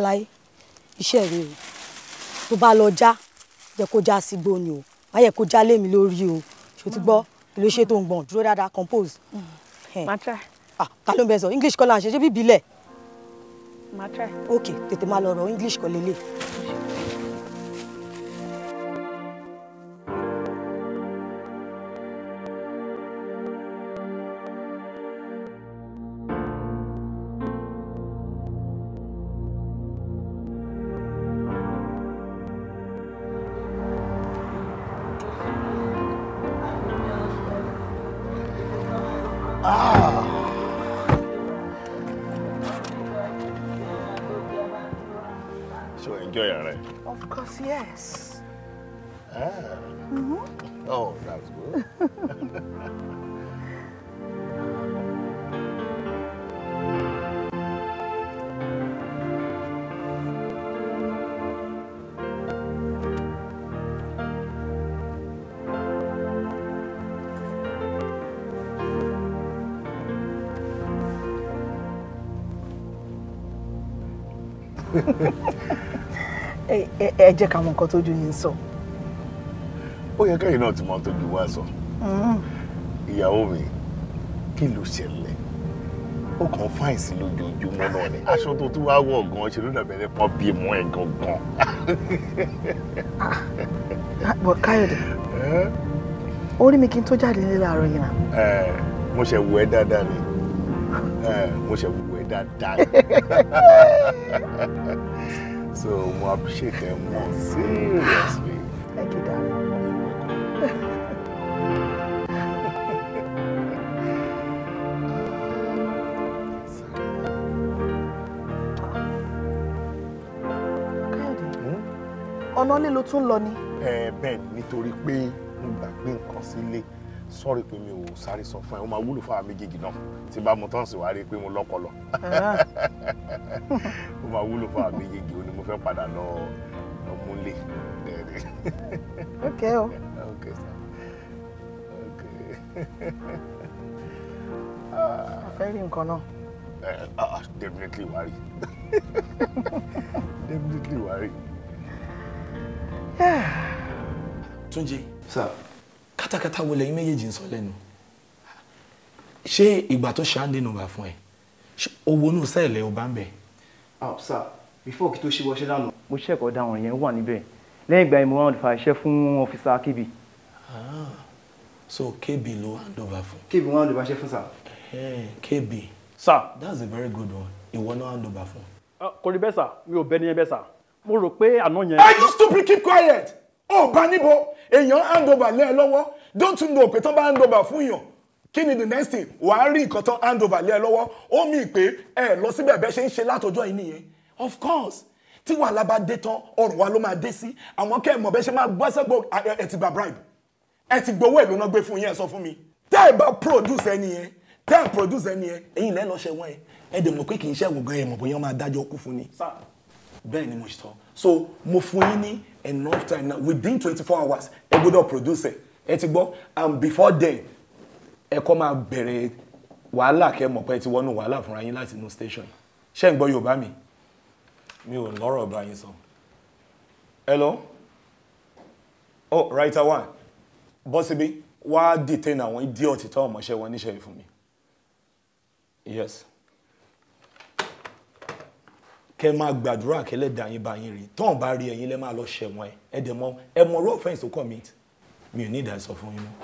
aláyé iṣẹ́ rẹ o tó bá lọ já yẹ kó já sí gbóni o má yẹ kó já lémi lórí o ṣó ti gbọ́ èlò ṣe tó ń gbọ̀n dúró dáadáa compose. máa try. ah ta ló ń bẹ sọ english kọ́ la ń ṣe ṣé bí ìbílẹ̀. máa ok tètè máa lọ rọ english kọ́ lélẹ̀. yes, Ah. Mm -hmm. Oh, that was good. ẹ jẹ́ ká mọ nǹkan tójú yín sọ. ó yẹ kẹ́yìn náà ti mọ tójú wa sọ. Mm-hmm. ìyàwó mi kí ló ṣẹlẹ̀ ó kàn fáìn sí lójoojúmọ́ náà ni aṣọ tó tún wá wọ̀ gan-an ṣe ló dàbẹ̀rẹ̀ pọ́n bí mọ́ ẹ̀ gangan. Ah, bọ̀ káyọ̀dé orí mi kí n tó jáde nílé àárọ̀ yìí náà. mo ṣe wù ẹ́ dáadáa ni mo ṣe wù ẹ́ dáadáa ni. so we appreciate them more seriously. thank you darling. ọ̀nà lílo tún lọ ni. ẹ eh, bẹ́ẹ̀ nítorí pé mo gbàgbé nǹkan sílé. Si sọ́ọ̀rì pé mi ò sáré sọ fún ẹ ó máa wúlò fún àwọn méjèèjì náà tí bá mo tán sì wá rí i pé mo lọ́pọlọ ah. ó máa wúlò fún àwọn méjèèjì ó ní mo fẹ́ padà lọ lọ múlé. ok o. ok sir ok. a fẹ́ rí nǹkan náà. Uh, definitely worry. definitely worry. Tunji, Sir kátàkátà wo lẹ́yìn méjèèjì ń sọ lẹ́nu ṣé ìgbà tó ṣáà ń dènà bá fún ẹ owó náà sẹ́ẹ̀lẹ̀ ọba ń bẹ̀. Ah, sir before kí tó ṣe wọṣẹ́ lánàá. mo ṣẹ́kọ̀ọ́ dáhùn yẹn wà níbẹ̀ lẹ́yìn ìgbà yẹn mo round fa iṣẹ́ fún ọ́fíìsà kébì. Ah, so kb ló hand over fún. kébì wọn hand over iṣẹ́ fún sir. Eh, kébì. sir that's a very good one ìwọ náà hand over fún. Ah, kò rí bẹ́ẹ̀ sà mi ò bẹ́ẹ̀ ní yẹn bẹ́ẹ̀ sà mo rò pé àná yẹn. are you stupid keep quiet ó bá níbo èèyàn handover lé ẹ lọ́wọ́ don't you know pé tán bá handover fún yàn kí ni the next thing wàá rí nǹkan tán handover lé ẹ lọ́wọ́ ó mì pé ẹ lọ síbẹ̀ bẹ́ẹ̀ ṣe ń ṣe látọjọ́ yìí nìyẹn of course tí wàhálà bá dé tán ọrùn wa ló máa dé sí àwọn kẹ́ ẹ̀ mọ̀ bẹ́ẹ̀ ṣe máa gbọ́sẹ̀gbọ́ ẹ ti gba bribe ẹ ti gbowó èlò náà gbé fún yín ẹ sọ fún mi tẹ́ ẹ bá produce ẹni yẹn tẹ́ ẹ produce ẹni yẹn èyí lẹ́ẹ̀ lọ ṣẹ̀wọ̀n ẹ ẹ dẹ̀ mọ̀ pé kì í ṣẹ̀wọ̀n gan ẹ mọ̀ bóyá máa dájọ́ kú fún ni. bẹ́ẹ̀ ni mo sọ so mo fún yín ní enough time now within twenty four hours ẹ gbọ́dọ̀ produce ẹ ti gbọ́ and before then ẹ kọ́ máa bẹ̀rẹ̀ wàhálà kẹ́ mọ̀ pé ẹ ti wọnú wàhálà fúnra yín láti inú station ṣé ń gbọ́ Yorùbá mi. mi ò lọ́rọ̀ bá yín sọ. hello oh writer one bọ́sibí wàá detain àwọn idiot tó ọmọọṣẹ́ wọn níṣẹ́ ìfún mi yes kẹ máa gbàdúrà kẹlẹ dà yín bá yín rí tọ́n bá rí ẹ̀yin lẹ́ máa lọ ṣẹ̀wọ̀n ẹ̀ ẹ̀ dẹ̀ mọ́ ẹ̀ mọ́ rú ọ̀fẹ́ǹsì tó commit mi ò ní ìdá ìsọfún yín mọ́.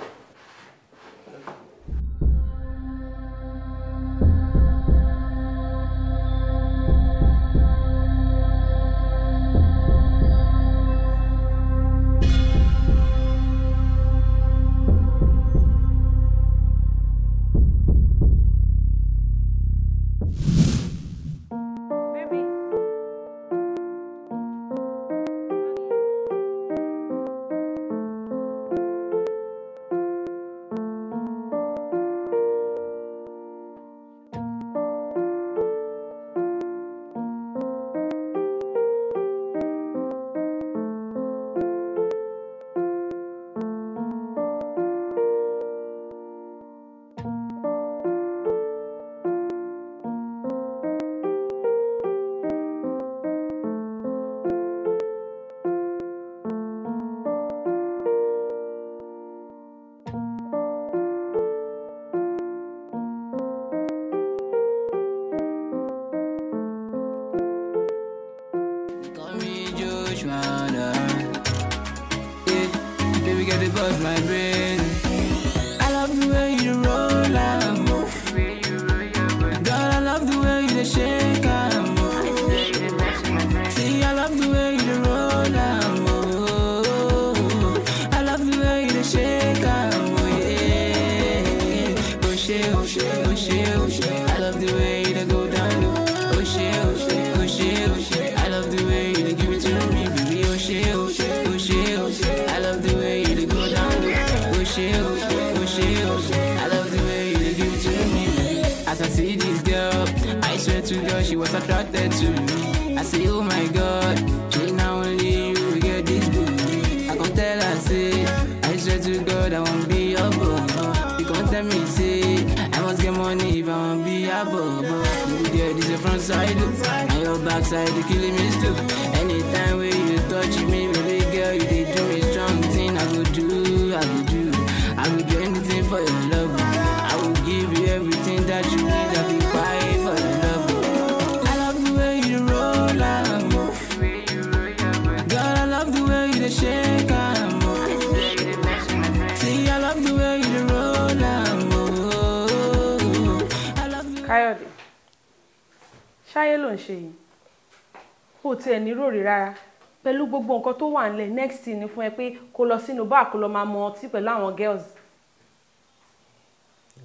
nǹkan tó wà nílẹ̀ next thing ni fún ẹ pé kó lọ sínú bá kó lọ máa mọ ọtí pẹ̀lú àwọn girls.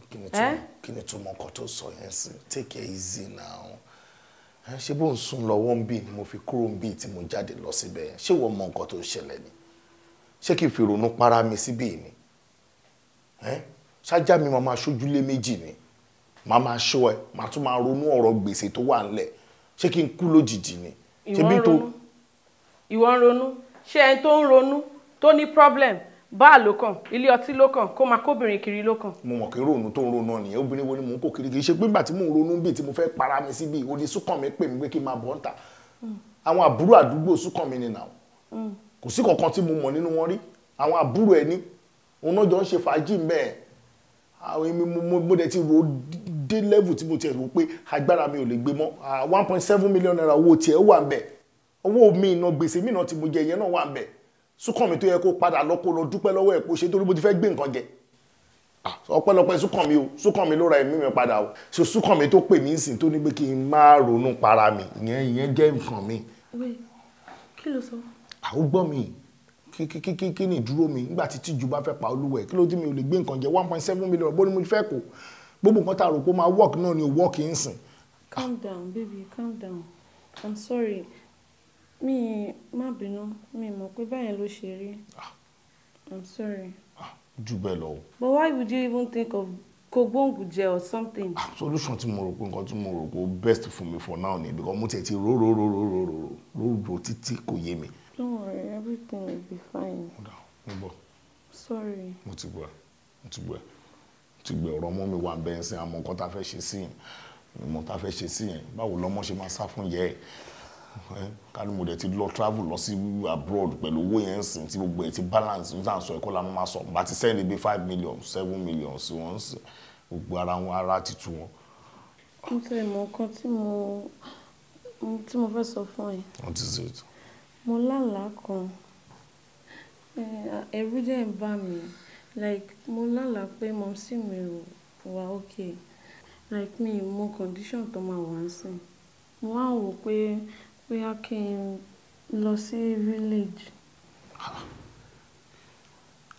kí ni túmọ̀ eh? nǹkan tó sọ yẹn sí take it easy now ẹ eh, ṣe bó ń sùn lọ́wọ́ ń bì ni mo fi kúrò ń bì tí mo jáde lọ síbẹ̀ ṣé wọ́n mọ nǹkan tó ṣẹlẹ̀ ni ṣé kí n fi ronú para mi síbí ni eh? ṣájá mi máa ma ṣojúlé méjì ni máa ma ṣọ́ ẹ máa tún máa ronú ọ̀rọ̀ gbèsè tó wà ńlẹ̀ ṣé kí n kú lójijì ni ṣé bí tó ìwọ ń ronú ṣé ẹni tó ń ronú tó ní problem báà ló kàn ilé ọtí ló kàn kó máa kóbìnrin kiri ló kàn. mo mọ̀ kí ronú tó ń ronú nìyẹn obìnrin wo ni mò ń kó kiri kì í ṣe pé nígbà tí mò ń ronú bíi tí mo fẹ́ para mi síbi òde súnkàn mi pè mí pé kí n máa bọ̀ ń ta hmm. àwọn àbúrò àdúgbò súnkàn mi nìyà hmm. kò sí kankan tí mo mọ̀ nínú wọn rí àwọn àbúrò ẹni òun náà jọ ń ṣe fàájì mẹ́ẹ̀ àwọn èmi mo dẹ̀ ti ro dé level tí mo ti rò pé agbára mi ò lè gbé mọ́ ah, one point seven million naira owó tiẹ̀ wà ń bẹ̀ owó mi ìnà gbèsè mi ìnà tí mo jẹ ìyẹn náà wà ń bẹ̀ Súnkànmí tó yẹ kó padà lọ kó lọ dúpẹ́ lọ́wọ́ ẹ̀ kó ṣe torí mo ti fẹ́ gbé nǹkan jẹ ọpẹ́lọpẹ́ Súnkànmí o Súnkànmí ló ra ẹ̀mí mi padà o so Súnkànmí tó pè mí sìn tó ní pé kí n má ronú para mi ìyẹn ìyẹn jẹ́ nǹkan mi. kí ló sọ. àwọn gbọ́ mi kí ni ìdúró mi nígbà tí tíjú bá fẹ́ pa olúwẹ̀ kí ló dé mi ò lè gbé nǹkan jẹ one point seven million bó ni mo fẹ́ kó gbogbo nǹkan tá a rò pé ó máa work náà ni ò work ń sìn. calm down baby calm down i'm sorry mi má bínú mi mọ̀ pé báyẹn ló ṣe rí ah. i'm sorry. Ah, jù bẹ́ẹ̀ lọ. but why would you even think of kogbóǹgùjẹ or something. Ah, solution tí mo rò pé nǹkan tí mo rò pé best fún mi for now ni because mo tẹ̀ ti ro ro ro ro ro ro ro ro títí kò yé mi. don't worry everything will be fine. Hold on, mo bọ̀. sorry. mo ti gbọ́ mo ti gbọ́ mo ti gbọ́ ọ̀rọ̀ ọmọ mi wà bẹ́ẹ̀ sìn àmọ́ nǹkan tá a fẹ́ ṣe sí yẹn ìmọ̀ tá a fẹ́ ṣe sí yẹn báwo lọ́mọ ṣe máa sá fún yẹ ẹ̀ kálí mo dẹ̀ ti lọ travel lọ sí abroad pẹ̀lú owó yẹn sìn tí gbogbo ẹ̀ ti balance ní tàǹsọ̀ ẹ̀kọ́ la máa sọ bá ti sẹ́ni bíi five million seven million sí wọ́n sìn gbogbo ara wọn ara ti tu wọn. mo tẹ ìmọ̀ kan tí mo tí mo fẹ́ sọ fún ẹ. what is it. mo lálàá kan ẹ̀rù dẹ̀ ń bà mí like mo lálàá pé mọ̀ọ́sí mi ò wá okay like me, mo condition tó máa wà ń sìn mo wá wò pé bóyá kí n lọ sí village. Ah,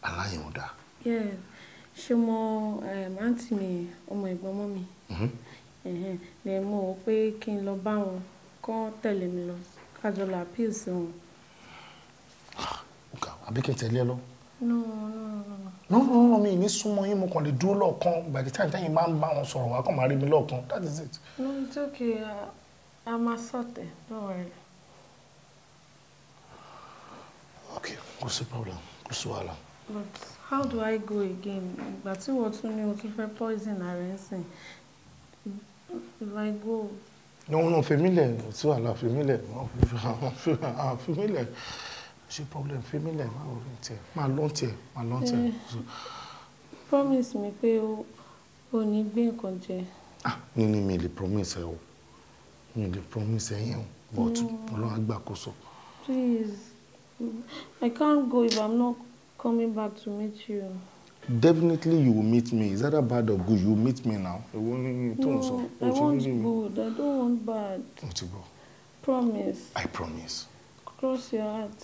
aláyẹ̀wò dá. ṣé mo àǹtí eh, mi ọmọ ẹ̀gbọ́n mọ́ mi mm-hmm. ni mo rò pé kí n lọ bá wọn kọ́ tẹ̀lé mi lọ kájọ la appeal sí wọn. Ah, àbí kí n tẹ̀lé ẹ lọ. no no no. no no no mi ní súnmọ́ yín mo kàn lè dúró lọ́ọ̀kan by the time tẹ́yìn bá ń bá wọn sọ̀rọ̀ wá kàn máa rí mi lọ́ọ̀kan that is it. no it's okay. Uh, I'm assorted, don't worry. Okay, what's the problem? What's the problem? But how do I go again? But tí wọ́n tún ní o tún fẹ́ poison or anything? If I go. No, no, familiar. ò tí wà láà familiar. àwọn fèmílẹ̀ ṣe problem familiar. máa wọ ní tiẹ̀ máa lọ́n tiẹ̀ máa eh, Promise me pé o ò ní gbé Ah, ní ní mi lè promise you mi lè promise ẹ̀yin o but mm. ọlọ́run á gbàkóso. please i can't go if i'm not coming back to meet you. definitely you will meet me is that bad or good you will meet me now. èwo ni tó ń sọ no i want good i don't want bad. o promise. i promise. cross your heart.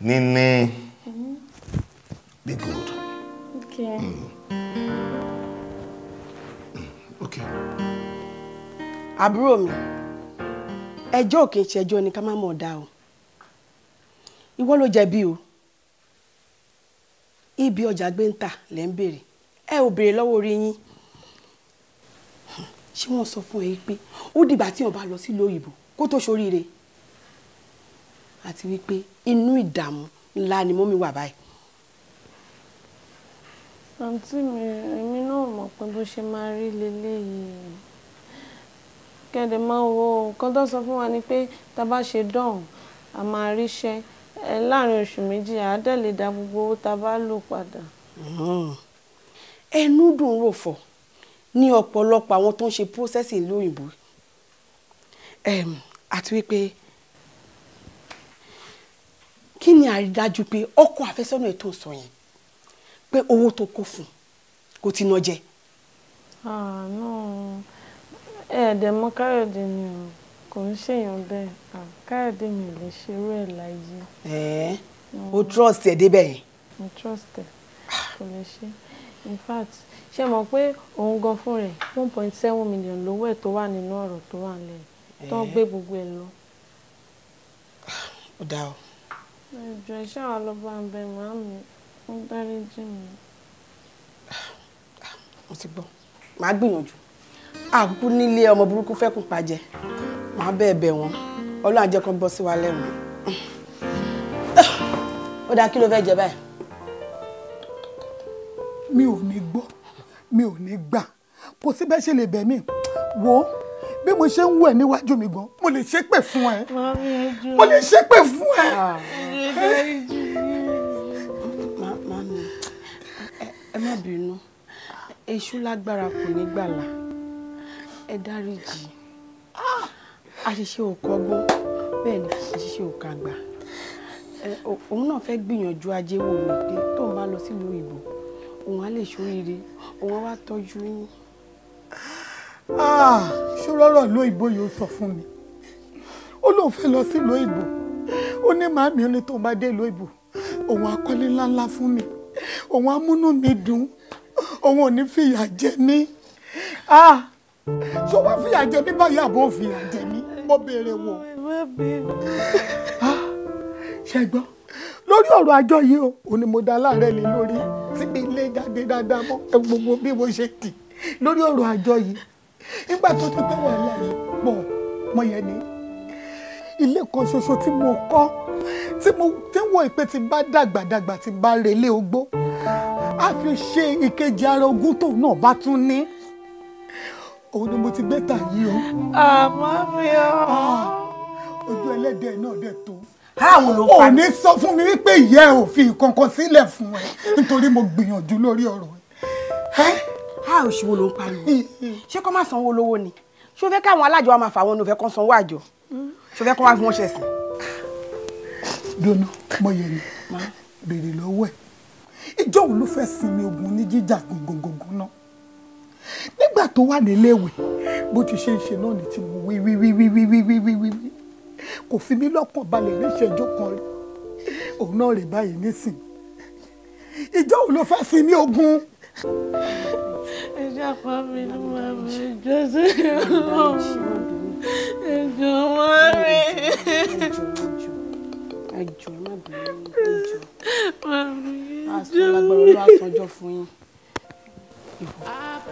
níní. àbúrò mi ẹjọ́ òkè ìṣẹ́jọ́ ni ká má mọ̀ dá o ìwọ ló jẹ̀bi o ibi ọjà gbé ń tà lẹ́ ń béèrè ẹ ò béèrè lọ́wọ́ orí yín ṣé wọ́n sọ fún ẹ pé ó dìgbà tí wọ́n bá lọ sílùú òyìnbó kó tó ṣoríire àti wípé inú ìdààmú ńlá ni mọ́mí wà báyìí. àǹtí mi èmi náà mọ̀ pé bó ṣe máa rí leléyìí kẹ́ndẹ̀ máa wo nǹkan tó sọ fún wa ni pé tá a bá ṣe dọ̀hún a máa ríṣẹ́ láàrin oṣù méjì àádẹ́ lè da gbogbo owó tá a bá lò padà. ẹnu dùn rò fọ ní ọ̀pọ̀lọpọ̀ àwọn tó ń ṣe processing lóyìnbó àti wípé kí ni àrídájú pé ọkọ àfẹ́sọ́nà ètò sọ yẹn pé owó tó kó fún kò ti ná jẹ. ah no ẹ̀ẹ́dẹ̀ mọ káyọ̀dé ni o kò ń ṣèyàn bẹ́ẹ̀ káyọ̀dé mi ò lè ṣerú ẹ̀ láyé. ẹ̀ẹ́ o trust ẹ̀ débẹ̀ yẹn. mo trust ẹ̀ kò lè ṣe in fact ṣe mọ̀ pé òun gan fún rẹ̀ one point seven million lówó ẹ̀ tó wà nínú ọ̀rọ̀ tó wà nílẹ̀ tó ń gbé gbogbo ẹ̀ lọ. ó dáa o. ìjọ iṣẹ́ àwọn ọlọ́ba ń bẹ màá mi ń dárí jì mí. mo ti gbọ́ màá gbìyànjú àkúkú nílé ọmọ burúkú fẹ́ kú pàjẹ́ màá bẹ́ẹ̀ bẹ̀ wọ́n ọlọ́run á jẹ́ kó bọ́ sí wa lẹ́nu ó dáa kí ló fẹ́ jẹ báyìí. mi ò ní gbọ́ mi ò ní gbà kò sí bẹ́ẹ̀ ṣe lè bẹ̀ mí wò ó bí mo ṣe ń wù ẹ́ níwájú mi gan mo lè ṣépè fún ẹ mo lè ṣépè fún ah, ẹ. ẹ má bínú èṣù lágbára kò ní gbàlà ẹ dáríjì àṣìṣe ò kọ́gbọ́n bẹ́ẹ̀ ni àṣìṣe ò kàgbà òun náà fẹ́ gbìyànjú ajé wò mí pé tóun bá lọ sílùú ìbò òun á lè ṣoríire òun á wá tọ́jú yín. Ah, ṣòrọ́rọ̀ ló ìbò yóò sọ fún mi ó lóun fẹ́ lọ sílùú ìbò ó ní màámi ó ní tóun bá dé ìlú ìbò òun á kọ́lé ńláńlá fún mi òun á múnú mi dùn òun ò ní fìyà jẹ mí. Ah, ṣé wọ́n fìyà jẹ mí báyìí àbò fìyà jẹ mí mo béèrè wò. Ah, ṣe gbọ́ lórí ọ̀rọ̀ àjọ yìí o ò ní mo da aláàárẹ̀ lé lórí tí mi lé jáde dáadáa mọ́ ẹ gbogbo bí mo ṣe tì lórí ọ̀rọ̀ àjọ yìí nígbà tó ti pé wàhálà yìí pọ̀ mọ́ yẹn ni ilé kan ṣoṣo tí mo kọ́ tí mo ti wọ ìpè tí bá dàgbàdàgbà tí bá relé ogbó a fi ṣe ìkejì ara ogún tóun náà bá tún ní òun ni mo ti gbé tà yìí o. àmọ́ mi ò. Ah, ojú ẹlẹ́dẹ̀ náà dẹ̀ tó. àwọn ló pa. òní sọ fún mi wípé ìyá ẹ ò fi kankan sílẹ̀ fún ẹ nítorí mo gbìyànjú lórí ọ̀rọ̀ ẹ. a ò ṣòwò ló ń pariwo ṣé kó má sanwó lówó ni ṣé fẹ́ káwọn alájọ wa máa fà wọn ní o fẹ́ kó sanwó àjọ ṣé fẹ́ kó wá fi wọn ṣẹ̀sìn. dunu mo yẹ ni béèrè lọ́wọ́ ẹ̀ ìjọ́ wo ló fẹ́ sinmi ogun ní jíjà gògògògò náà nígbà tó wà níléèwé bó ti ṣe ń ṣe náà ni tí mo wí wí wí wí wí wí wí wí wí kò fi mí lọ́kàn balẹ̀ níṣẹ́jú kan rí òun náà rè báyìí nísìn ìjọ òun ló fẹ́ sí ní ogun. ẹjọ́ pa mi ló máa mi jọ sí ọlọ́run ẹjọ́ wá mi. ẹjọ́ má bẹ̀rẹ̀ ẹjọ́. màmí ẹjọ́. àṣọ lágbára ló àṣọjọ́ fún yín ìwọ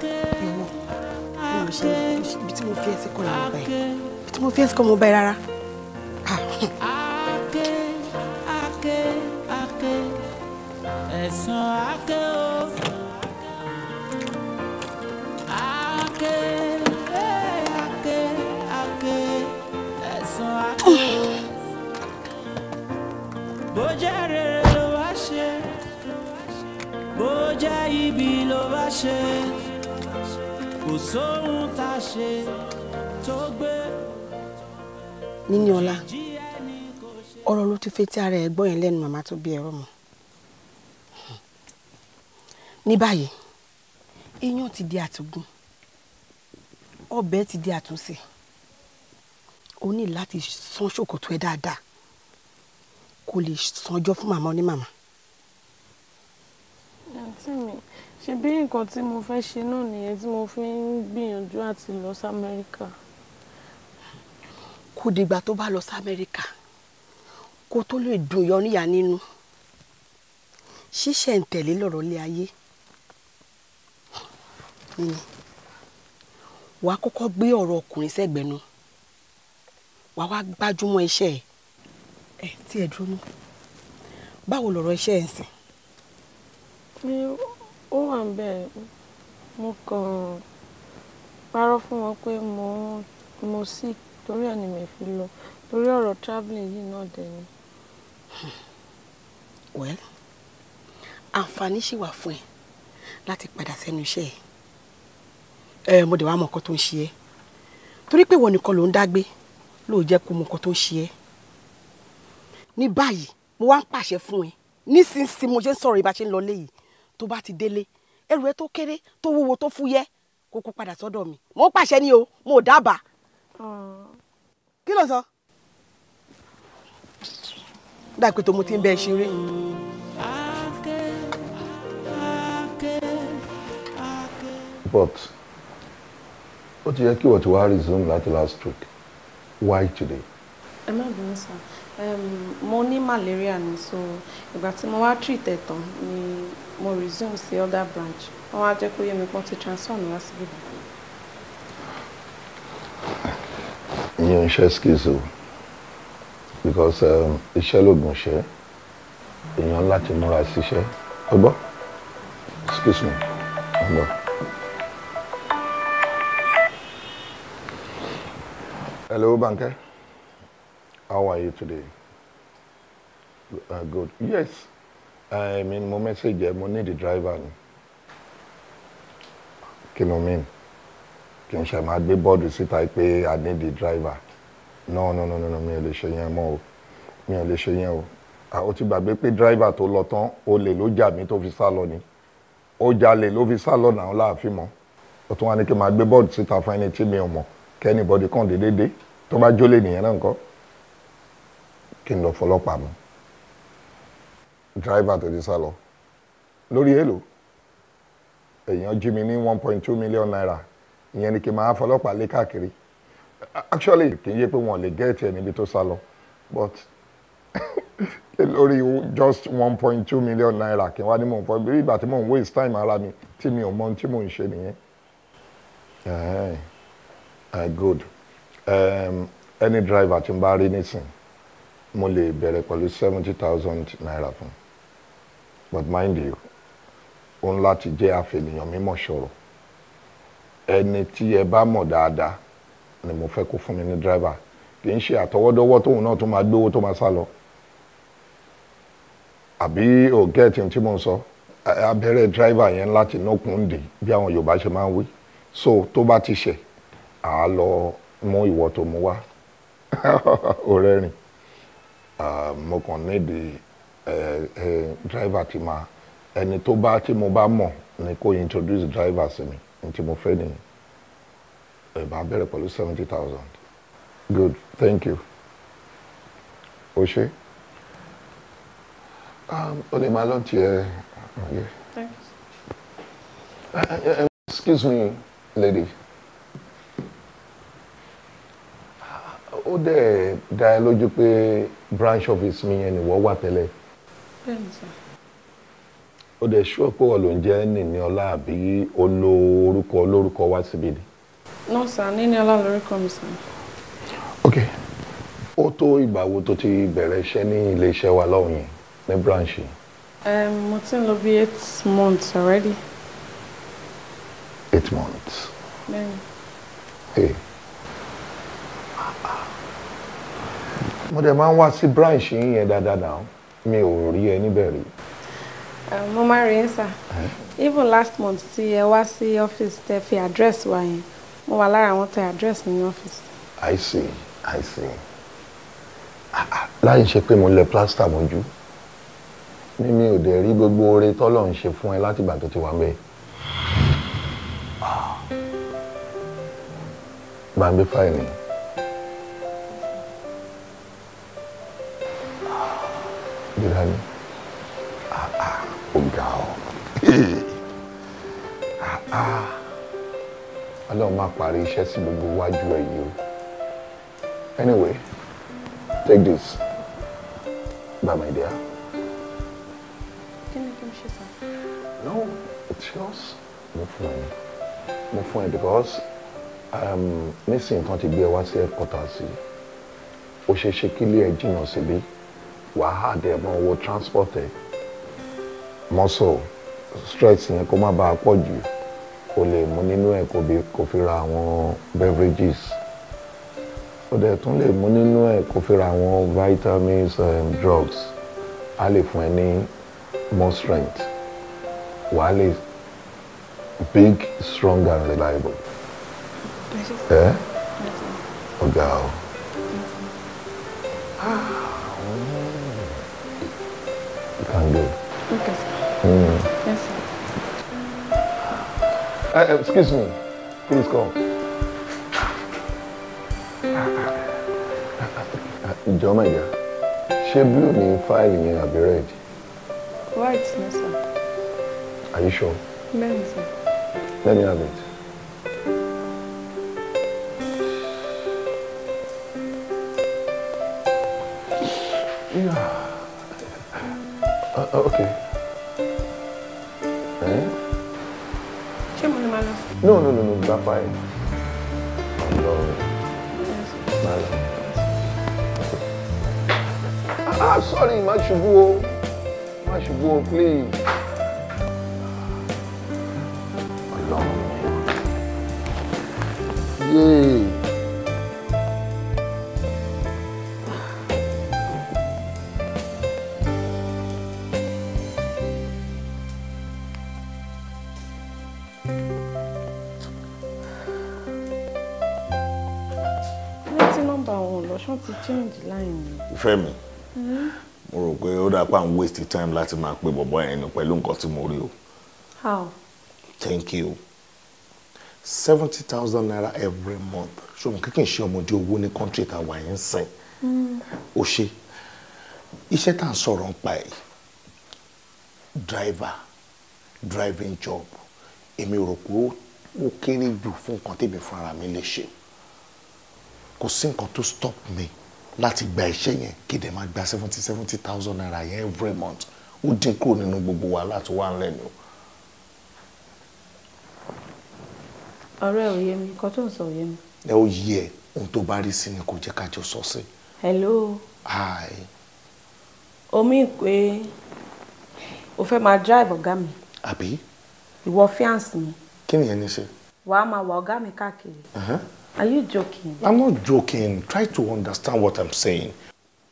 ìwọ mo ṣe fi ẹsẹ̀ kọ́ ọba yìí ibi tí mo fi ẹsẹ̀ ake o ake ake ake ẹ̀sán ake o bó jẹ́ rere bó jẹ́ ibi ló bá ṣe kò sóhun tá a ṣe tó gbé. Níníọlá ọ̀rọ̀ ló ti fi tí ara ẹ̀ gbọ́ yẹn lẹ́nu màmá tó bí ẹ̀rọ mọ́ ní báyìí iyán ti di àtúgùn ọbẹ̀ ti di àtúnṣe o ní láti san ṣòkòtò ẹ dáadáa kó lè sanjọ́ fún màmá onímàmá àǹtí mi ṣe bí nǹkan tí mo fẹ́ ṣe náà nìyẹn tí mo fi ń gbìyànjú àti lọ sí amẹ́ríkà. kò dìgbà tó bá lọ sí amẹ́ríkà kó tó lè dùn yọ níyà nínú ṣíṣẹ̀ ń tẹ̀lé lọ́rọ̀ lé ayé nìyẹn wàá kọ́kọ́ gbé ọ̀rọ̀ ọkùnrin sẹ́gbẹ̀ẹ́nu wàá wá gbájúmọ́ iṣẹ́ ẹ̀ tí ẹ̀ dúró nù báwo lọ̀rọ̀ iṣẹ́ ẹ̀ sìn pé ó wà ń bẹ̀ mo kàn parọ́ fún wọn pé mo mo sick torí ẹ̀ ni mi fi lọ torí ọ̀rọ̀ traveling yìí náà dẹ̀ ni. well àǹfààní ṣì wà fún ẹ láti padà sẹ́nu iṣẹ́ ẹ mo dẹ̀ wá mọ nǹkan tó ń ṣe ẹ́ torí pé ìwọ nìkan ló ń dágbé ló jẹ́ kó mọ nǹkan tó ń ṣe ẹ́ ní báyìí mo wá ń pàṣẹ fún ẹ nísinsìnyí mo ṣe ń sọ̀rọ̀ ìbá ń lọ léyìí tó bá ti délé ẹrù ẹ tó kéré tó wúwo tó fúyẹ́ kó padà sọ́dọ̀ mi mo pàṣẹ ni o mo dábàá. kí ló sọ. dáa tó mo ti ń bẹ ẹ ṣeré. but ó ti yẹ kí wọ́n ti wá resume láti last week why today. ẹ má bínú sá mo ní malaria ni so ìgbà tí mo wá treat ẹ̀ tán ni mo resume sí other branch wọ́n wá jẹ́ kó yé mi pọ́n ti transfer mi wá sí bíbá. ìyẹn ń ṣe skills o because um, iṣẹ́ lóògùn ṣe èèyàn láti múra síṣẹ́ ọgbọ́n excuse me ọgbọ́n. Hello, banker. How are you today? Uh, good. Yes, èmi ni mo mẹ́sàgì ẹ mo ní the driver ni kí ló mean kí n ṣe máa gbé bọ́ọ̀dù síta pé i need the driver no no no no mi ò lè ṣe yẹn mọ́ o mi ò lè ṣe yẹn o ó ti gbàgbé pé driver tó lọ tán olè ló jà mí tó fi sá lọ ni ó jalè ló fi sá lọ náà láàfin mọ́ ó tún wá ní kí n máa gbé bọ́ọ̀dù síta fún ẹni tí mi ò mọ̀ kẹ́ni bọ́ọ̀dù kàn déédéé tó bá jólè nìyẹn náà nǹkan kí n lọ fọlọ́pàá mọ́ driver to the salon. lọ lórí èlò èèyàn jí mi ní one point two million naira ìyẹn ni kí n máa fọlọ́pàá lé káàkiri actually kì í yé pé wọn lè gẹ́ẹ̀tì ẹ̀ níbi tó sá lọ but lórí just one point two million naira kí n wá ní mò ń fọ bí ìgbà tí mò ń waste time ara mi tí mi ò mọ ohun tí mò ń ṣe nìyẹn. good um, any driver tí n bá rí nísìn mo lè bẹ̀rẹ̀ pẹ̀lú seventy thousand naira fún un but mind you ó ń láti jẹ́ àfẹnìyàn mímọ̀ sọ̀rọ̀ ẹni tí ẹ bá mọ̀ dáadáa ni mo fẹ́ kó fún mi ní dírẹ́bà kì í ṣe àtọwọ́dọ́wọ́ tóun náà tó máa gbówó tó máa sá lọ àbí ò gẹ́ẹ̀tì tí mo sọ abẹ́rẹ́ dírẹ́bà yẹn láti nókun dì bí àwọn Yorùbá ṣe máa ń wí so tó bá ti ṣẹ̀ à á lọ mú ìwọ tó mú wá ọ̀rẹ́rìn ah, mo kàn nídìí driver ti máa ẹni tó bá tí mo bá mọ̀ ni kó introduce driver sí mi ní tí mo fẹ́ nìyẹn ẹ bá bẹ̀rẹ̀ seventy thousand good thank you o ṣe o um, lè máa lọ tiẹ̀ excuse me lady ó dẹ̀ dá ẹ lójú pé branch office mi yẹn ni wọ́n wà tẹ́lẹ̀ ó dẹ̀ ṣú ọ̀pọ̀ wọ̀ ló ń jẹ́ nìní ọlá àbí olórúkọ olórúkọ wá síbi ni. no sir níní ọlá lórúkọ mi sir. ok ó tó ìgbà wo tó ti bẹ̀rẹ̀ iṣẹ́ ní ilé wa lọ́hùn yẹn ní branch mo ti ń lò bí eight months already. eight months. Then. Hey. mo dẹ̀ máa ń wá sí branch yín yẹn dáadáa náà mi ò rí ẹ níbẹ̀ rí. mo máa rí ẹ sà even last month tí ẹ wá sí ọ́fíìsì tẹ fi address wa yẹn mo wà lára àwọn tẹ address ní ọ́fíìsì. i see i see láì ṣe pé mo lẹ plaster mọ́jú mímí ò dẹ̀ rí gbogbo oore tọ́lọ̀ ń ṣe fún ẹ látìgbà tó ti wà mẹ́ẹ̀. Ah. gbàgbé fáìlì. gbéra ni ah, ọ̀ ah, ah, ah. ọlọ́run máa parí iṣẹ́ sí gbogbo iwájú ẹ̀ yìí o anyway take this bye my dear. kí ni kí n ṣe sọ. no it's yours mo fún ẹ mo fún ẹ because um, nísìnyí tán ti gbé ẹ wá sí headquarters sí ó ṣeé ṣe kí ilé ẹ jìnnà síbí wàá dẹ̀ mọ owó transport ẹ̀ muscle stress yẹn kó má bàa pọ̀ jù kó lè mú nínú ẹ̀ kó fi ra àwọn beverages ó dẹ̀ tún lè mú nínú ẹ̀ kó fi ra àwọn vitamins um, drugs á lè fún ẹ ní more strength wàá lè big strong and reliable. ẹ ọ̀gá o. Ah you Okay, sir. Mm. Yes, sir. Uh, excuse me. Please come. Ìjọ máa yá. Ṣé blue ni fáìlì yẹn àbí red? White ni sir. Are you sure? Bẹ́ẹ̀ni sir. Let me have it. Yeah. Oh, okay. Eh? Ṣé mo ní No, no, no, no, gba pa ẹ̀. Ah, sorry, má ṣubú o. Má please. Ọlọ́run mi. ìfẹ́ mi mm-hmm. mo rò pé ó dáa pé à waste time láti máa pe bọ̀bọ̀ yẹn nù pẹ̀lú nǹkan tí mo rí o. how. thank you seventy thousand naira every month ṣùgbọ́n kí kì í ṣe ọmọdé owó ní kọ́ńtì ìtawà yẹn ń sìn ó mm. ṣe iṣẹ́ tá à ń sọ̀rọ̀ ń pa ẹ̀ driver driving job èmi rò pé ó kéré jù fún nǹkan tèmi fúnra mi lè ṣe kò sí nǹkan tó stop me láti gba iṣẹ́ yẹn kéde máa gba seventy seventy thousand naira yẹn every month ó dín kúrò nínú gbogbo wàhálà tó wà nílẹ̀ ni o. ọ̀rẹ́ ò yé mi nǹkan tó ń sọ ò yé mi. ẹ ó yẹ ohun tó bá rí sí ni kò jẹ́ ká jọ sọ sí. hello. hi. omi pé o fẹ́ máa drive ọ̀gá mi. àbí. ìwọ fíànsì mi. kí nìyẹn ní í ṣe. wàá máa wà ọ̀gá mi káàkiri. Uh-huh. Are you joking? I'm not joking. Try to understand what I'm saying.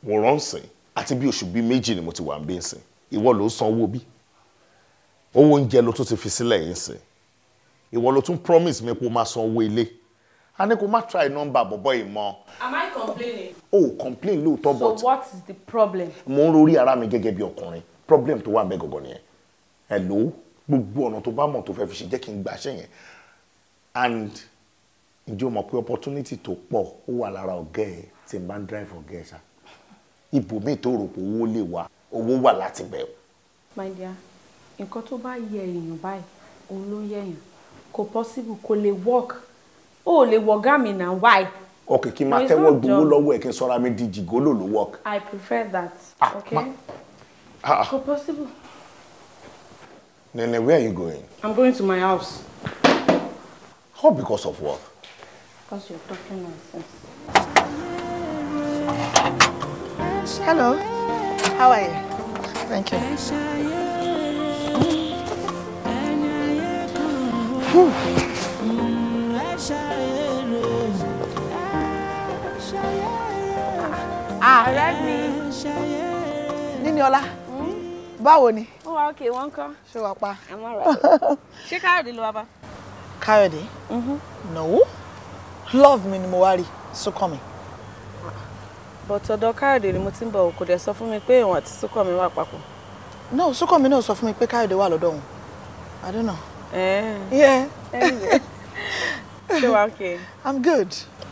Mo rán sìn àti bí oṣù bíi méjì ni mo ti wà ń bí sìn. Ìwọ ló san owó bí. Owó oúnjẹ ló tún ti fi sílẹ̀ yín sìn. Ìwọ ló tún promise mi pé o máa san owó ilé. A ní kó má try number bọ̀bọ̀ yìí mọ́. Am I complaining? oh, complain lóòótọ́ but. So what is the problem? Mo ń rorí ara mi gẹ́gẹ́ bí ọkùnrin. Problem tó wà ń bẹ gọ̀gọ̀ nìyẹn. Hello? Gbogbo ọ̀nà tó bá mọ̀ tó fẹ́ fi ṣe jẹ́ kí n gbàṣẹ́ yẹn. And ǹjẹ́ o mọ̀ pé opportunity tó pọ̀ ó wà lára ọ̀gá ẹ̀ tí n bá ń drive ọ̀gá ẹ̀ ṣá ibòmíì tó rò pé owó lè wá owó wà láti bẹ̀. my dear nǹkan tó bá yẹ èèyàn báyìí òun ló yẹ èèyàn kò possible kò lè work ó lè wọ̀gá mi náà why. ok kí n máa tẹ́wọ́ gbowó lọ́wọ́ ẹ̀ kí n sọ́ra mi di jìgólò ló work. i prefer that. ah okay? ah ah kò possible. Nene, where are you going? I'm going to my house. All because of work? Because you're talking nonsense. Hello. How are you? Thank you. Ààrẹ mi. Níníọlá, báwo ni? Ó wà ókè, wọ́n ń kọ́. Ṣé wà pa? Àmọ́ rà. Ṣé Káyọ̀dé ló wá bá? Mm-hmm. No love me, ni mo wá rí Súnkànmí. but ọ̀dọ̀ Káyọ̀dé ni mo ti ń bọ̀ kò dẹ̀ sọ fún mi pé ìwọ̀n àti Súnkànmí wà papọ̀. no Súnkànmí náà sọ fún mi pé Káyọ̀dé wà lọ́dọ̀ òun I don't know. Eh. Yeah. Anyway. ṣé wàá okay. I'm good.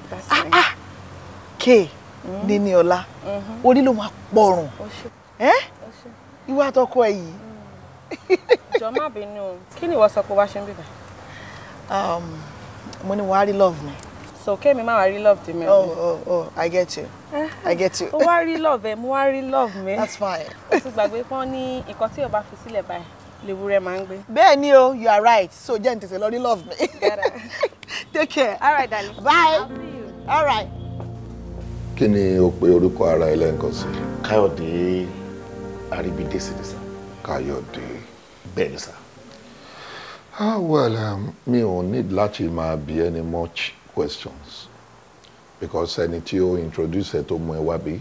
That's ah, nice. ah. K mm-hmm. níní ọlá mm-hmm. orí ló máa pọrùn eh? ìwà àtọkọ ẹ yìí. Mm. jọ má bínú kí ni ìwọ sọ pé wá ṣe ń bíbá. Um, mo ní wàá rí love mi so Kemi, ma, wá rí love tèmi. oh oh oh i get you eh, i get you. ó wá rí love ẹ mo wá rí love mi. that's fine. ó ti gbàgbé pọ́n ní nǹkan tí ọba fi sílẹ̀ báyìí lewúrẹ́ máa ń gbé. bẹ́ẹ̀ ni o you are right so jẹ́ n tètè lọ love me. take care. all right darling. bye. I'll see you. all right. Kini ni o pe orúkọ ara ẹ lẹ́ǹkan sí. káyọ̀dé àríbídèsí ni sá. káyọ̀dé. bẹ́ẹ̀ ah well um, mi ò need láti máa bí ẹni much questions because ẹni tí ó introduce ẹ tó mú ẹ wá bí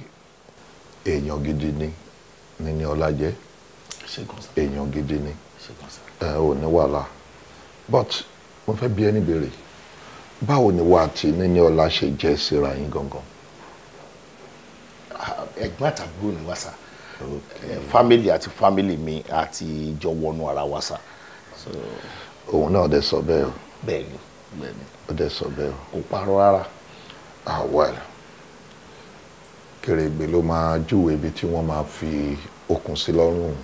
èèyàn gidi ni Níní Ọlájẹ èèyàn gidi ni ò ní wàhálà but mo fẹ́ bi ẹni béèrè báwo ni wà á ti Níní Ọlá ṣe jẹ́ síra yín gangan. Ah, ẹ̀gbọ́n àtàbúrò ni wá sá eh, family àti family mi àti ìjọ wọnú ara wá sá. òun náà dẹ̀ sọ bẹ́ẹ̀ o. bẹ́ẹ̀ni bẹ́ẹ̀ni ó dẹ̀ kò parọ́ rárá àwọ̀l kèrègbè ló máa júwèé ibi tí wọ́n máa fi okùn sí lọ́rùn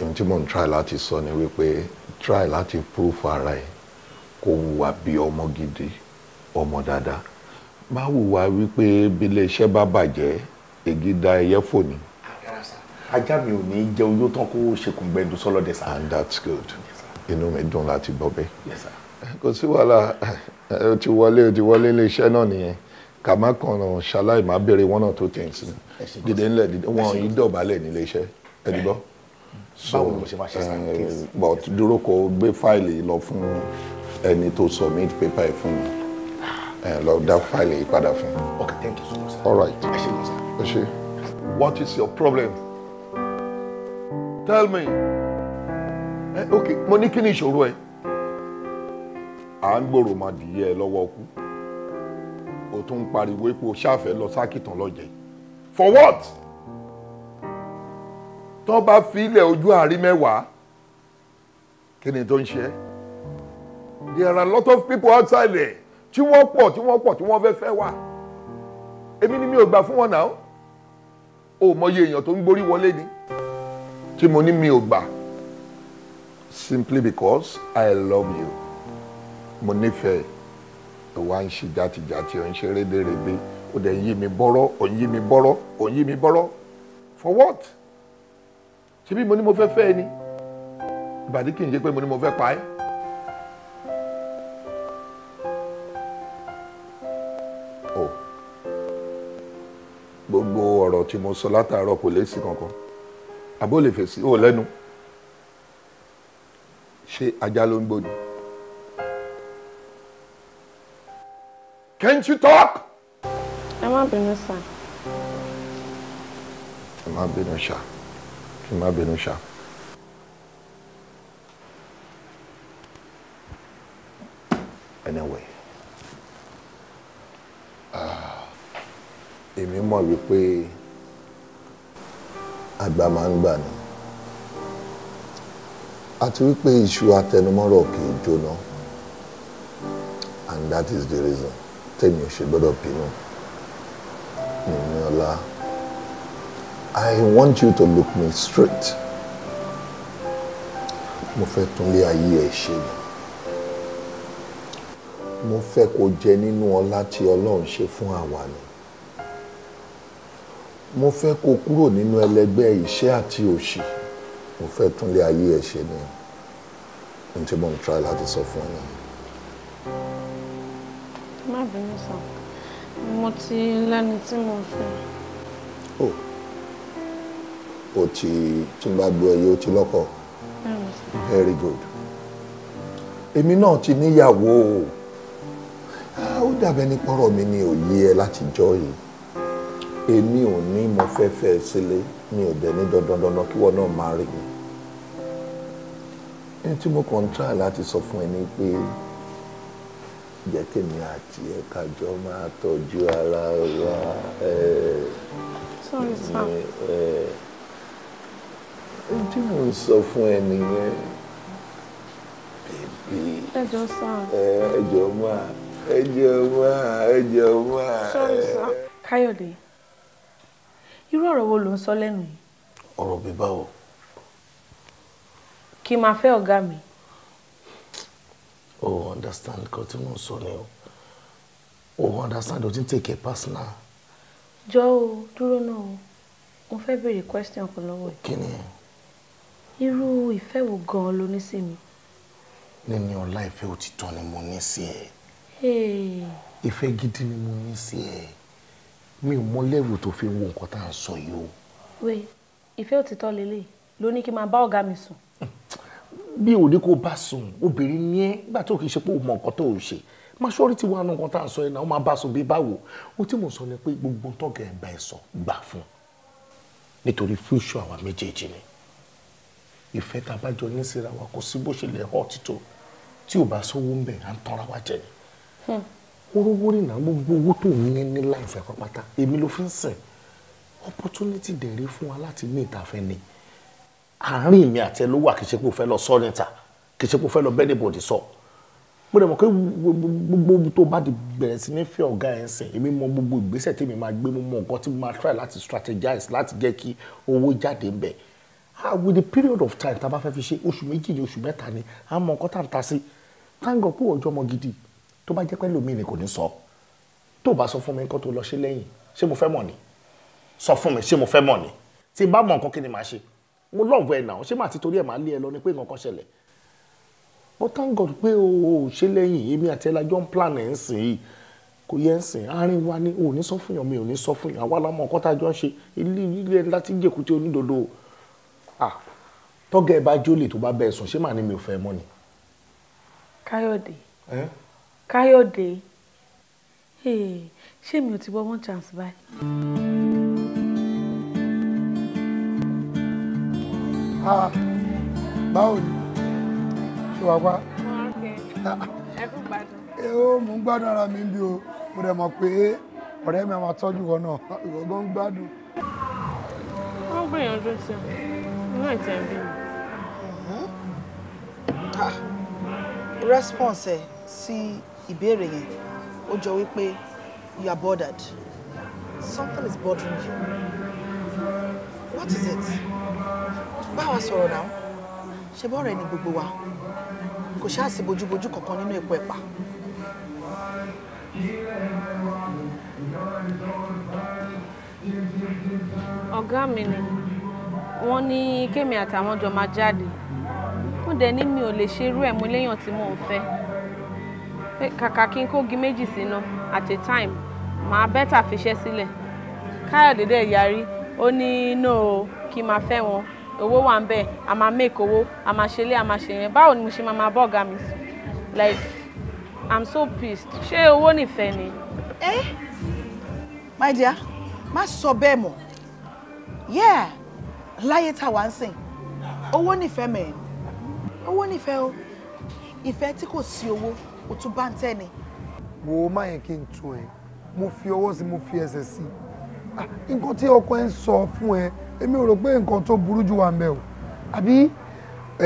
ohun tí mò ń try láti sọ ni wípé try láti proof ara ẹ kó wùwà bí ọmọ gidi ọmọ dáadáa má wùwà wípé bí iléeṣẹ́ bá bàjẹ́ ègì da ẹyẹ fò ní. ajá mi ò ní jẹ́ oyó tán kó ṣekùn gbẹdùn sọlọ́dẹ sá. and that's good inú mi dùn láti gbọ́ bẹ́ẹ̀. yes kò sí wàhálà ó ti wọlé ó ti wọlé iléeṣẹ́ náà nìyẹn kà má kàn án ṣaláì má béèrè one or two things dìde ńlẹ̀ dìde wọn yìí dọ̀bálẹ̀ nílé iṣẹ́ ẹ̀dìgbọ́. Hmm. báwo ló eh, but dúró kó gbé fáìlì lọ fún ẹni tó submit paper ẹ̀ fún mi lọ dá fáìlì yìí padà fún mi. okay thank you so much. all right ẹ ṣe what is your problem tell me eh, okay mo ní kí ni ìṣòro ẹ à ń gbòòrò máa dìyẹ ẹ lọ́wọ́ ọkú o tún ń pariwo epo ṣáfẹ́ lọ sákìtàn lọ́jẹ̀ for what tó bá filẹ̀ ojú àárín mẹ́wàá kí ni tó ń ṣe there are a lot of people outside there tí wọ́n pọ̀ tí wọ́n pọ̀ tí wọ́n fẹ́ fẹ́ wà èmi ni mi ò gbà fún wọn náà o mọye èèyàn tó ń gborí wọlé ni tí mo ní mi ò gbà simply because I love you mo nífẹ̀ẹ́ ẹ̀ wá ń ṣe játijàti ò ń ṣe rédèrèdè ó dẹ̀ ń yí mi bọ́rọ́ ò ń yí mi bọ́rọ́ ò ń yí mi bọ́rọ́ for what? ṣé bí mo ní mo fẹ́ fẹ́ ẹ ni ìbàdí kì í ṣe pé mo ní mo fẹ́ pa ẹ́. gbogbo ọ̀rọ̀ tí mo sọ látàárọ̀ kò lésì kankan àbó lè lẹ́nu ṣé ajá ló ń gbòdì. Can't you talk? Ẹ má bínú sá. Ẹ Benusha. bínú sá. Ẹ má bínú sá. Anyway, ah, èmi mọ̀ wípé àgbà máa ń gbà ni àti wípé iṣu atẹnumọ́rọ̀ kì í jóná and that is the reason tèmi ò ṣe gbọ́dọ̀ bínú Nìmíọ́lá I want you to look me straight mo fẹ́ túnlé ayé ẹ ṣe ni mo fẹ́ kó jẹ nínú ọlá tí Ọlọ́run ṣe fún àwa ni mo fẹ́ kó kúrò nínú ẹlẹgbẹ́ ìṣẹ́ àti òṣì mo fẹ́ túnlé ayé ẹ ṣe ni n tí mo ń try láti sọ fún ẹ nìyẹn má bínú sàn mo ti lẹ́ni tí mo fẹ́. o o ti tí n bá gbọ́ ẹ yóò ti lọ́kọ very good èmi náà ti níyàwó ó dàbẹ́ ní pọ́nrọ̀ mi ni òye ẹ látijọ́ yìí èmi ò ní mo fẹ́ fẹ́ ẹ sílé mi ò dẹ̀ ní dandan dandan kí wọ́n náà máa rí mi ní tí mo kàn ń try láti sọ fún ẹ ní pé. Mm -hmm jẹ́ kèmi àti ẹ̀ kájọ máa tọ́jú ara wa. sorry sir. ohun tí mò ń sọ fún ẹ nìyẹn bèbí. ẹ jọ máa ẹ máa ẹ máa. sorry sir. káyọ̀dé irú ọ̀rọ̀ wo ló ń sọ lẹ́nu yìí. ọ̀rọ̀ bíbá o. kí n máa fẹ́ ọ̀gá mi o oh, understand nǹkan tí mò ń sọ ni o o oh, understand o ń take it personal. jọ o dúró náà o mo fẹ́ béèrè question kan lọ́wọ́ ẹ̀. kí ni ẹ. irú ìfẹ́ wo gan-an ló ní sí mi. níní ọlá ìfẹ́ òtítọ́ ni mo ní sí ẹ. ìfẹ́ gidi ni mo ní sí ẹ mi ò mọ lẹ́wù tó fi wo nǹkan tá à ń sọ yìí o. wait ìfẹ́ òtítọ́ lélẹ̀ ló ní kí n máa bá ọ̀gá mi sùn. bí òde kò bá sùn obìnrin ní ẹ nígbà tó kì í ṣe pé o mọ nǹkan tó o ṣe majority wa nǹkan tá à ń sọ yẹn náà ó máa bá sùn bí báwo ó tí mo sọ ni pé gbogbo tọ́gà ẹ̀ bá ẹ sọ gbà fún nítorí future àwa méjèèjì ni ìfẹ́ tá a bá jọ ní síra wa kò sí bó ṣe lè họ́ títò tí o bá sówó ń bẹ̀ à ń tanra wa jẹ ni hmm. wóróworì náà gbogbo owó tó ń yẹn ní láìfẹ́ pápátá èmi ló fi ń sìn opportunity dẹ̀ fún wa láti ní ìtafẹ́ ni. Hmm àárín èmi àti ẹ ló wà kì í ṣe pé o fẹ́ lọ sọ níta kì í ṣe pé o fẹ́ lọ bẹ́ẹ̀ bòdì sọ mo dẹ̀ mọ̀ pé gbogbo tó bá di bẹ̀rẹ̀ sí ní fẹ́ ọ̀gá ẹ̀ ń sìn èmi mọ gbogbo ìgbésẹ̀ tèmi máa gbé mo mọ nǹkan tí mo máa try láti strategize láti jẹ́ kí owó jáde ń bẹ̀ ah with the period of time tá a bá fẹ́ fi ṣe oṣù méjì ni oṣù mẹ́ta ni a mọ nǹkan tá a ta sí táǹgọ̀ pé òòjọ́ ọmọ gidi tó bá jẹ́ pé lómi ni kò ní sọ tó bá sọ fún mi nǹkan tó lọ ṣe lẹ́yìn ṣé mo fẹ́ mọ̀ ni sọ fún mi ṣé mo fẹ́ mọ̀ ni tí bá mọ nǹkan kí ni màá ṣe mo lọ́ọ̀bù ẹ̀ náà ṣé màá ti torí ẹ̀ máa lé ẹ lọ ni pé nǹkan kan ṣẹlẹ̀ but thank God pé o ò ṣe lẹ́yìn èmi àti ẹlẹ́jọ́ ń plan ẹ̀ ń sìn yìí kò yẹ ń sìn àárín wa ni ò ní sọ fún yàn mi ò ní sọ fún yàn àwa la mọ nǹkan tá a jọ ń ṣe ilé ilé ńlá tí jèkúté onídodo ah tọ́gẹ̀ ẹ bá jólè tó bá bẹ̀ sùn ṣé màá ní mi ò fẹ́ mọ́ ni. Káyọ̀dé Káyọ̀dé ṣé mi ò ti gbọ́ one chance báyìí. Ah, báwo ni? Ṣé wàá wá? o ó mú gbádùn ara mi bí o, mo dẹ̀ mọ̀ pé ọ̀rẹ́ mi máa tọ́jú wọn náà, ìwọ gan ń gbádùn. Wọ́n gbìyànjú sí mi. Response ẹ̀ sí ìbéèrè yẹn, ó jọ wípé you are bothered. Something is bothering you. What is it? báwa sọ̀rọ̀ náà ṣe bọ́ọ̀rọ̀ ẹni gbogbo wa kò ṣáà sí bojúbojú kankan nínú epo ẹ̀pà. ọ̀gá mi ni wọ́n ní kémi àtàwọn jọ máa jáde mo dẹ̀ ní mi ò lè ṣerú ẹ̀ mo léèyàn tí mò ń fẹ́ kàkà kí n kógi méjì sínú at a time màá bẹ́tà fiṣẹ́ sílẹ̀ káyọ̀dé dẹ̀ yarí ó ní no kí n máa fẹ́ wọn owó wà ń bẹ̀ a máa make owó a máa ṣe ilé a máa ṣe yẹn báwo ni mo ṣe máa máa bọ́ ọ̀gá mi sùn like i'm so pissed ṣé owó nìfẹ́ ni. ẹ my dear má sọ bẹ́ẹ̀ mọ́ yeah láyé tá a wá ń sìn owó nìfẹ́ mẹ́rin owó nìfẹ́ o ìfẹ́ tí kò sí owó o tún bá ń tẹ́ ni. wo má yẹn kí n tún ẹ mo fi ọwọ́ sí mo fi ẹsẹ̀ sí ah, nǹkan tí ọkọ ẹ ń sọ fún ẹ èmi ò rò pé nǹkan tó burú jù wà ń o àbí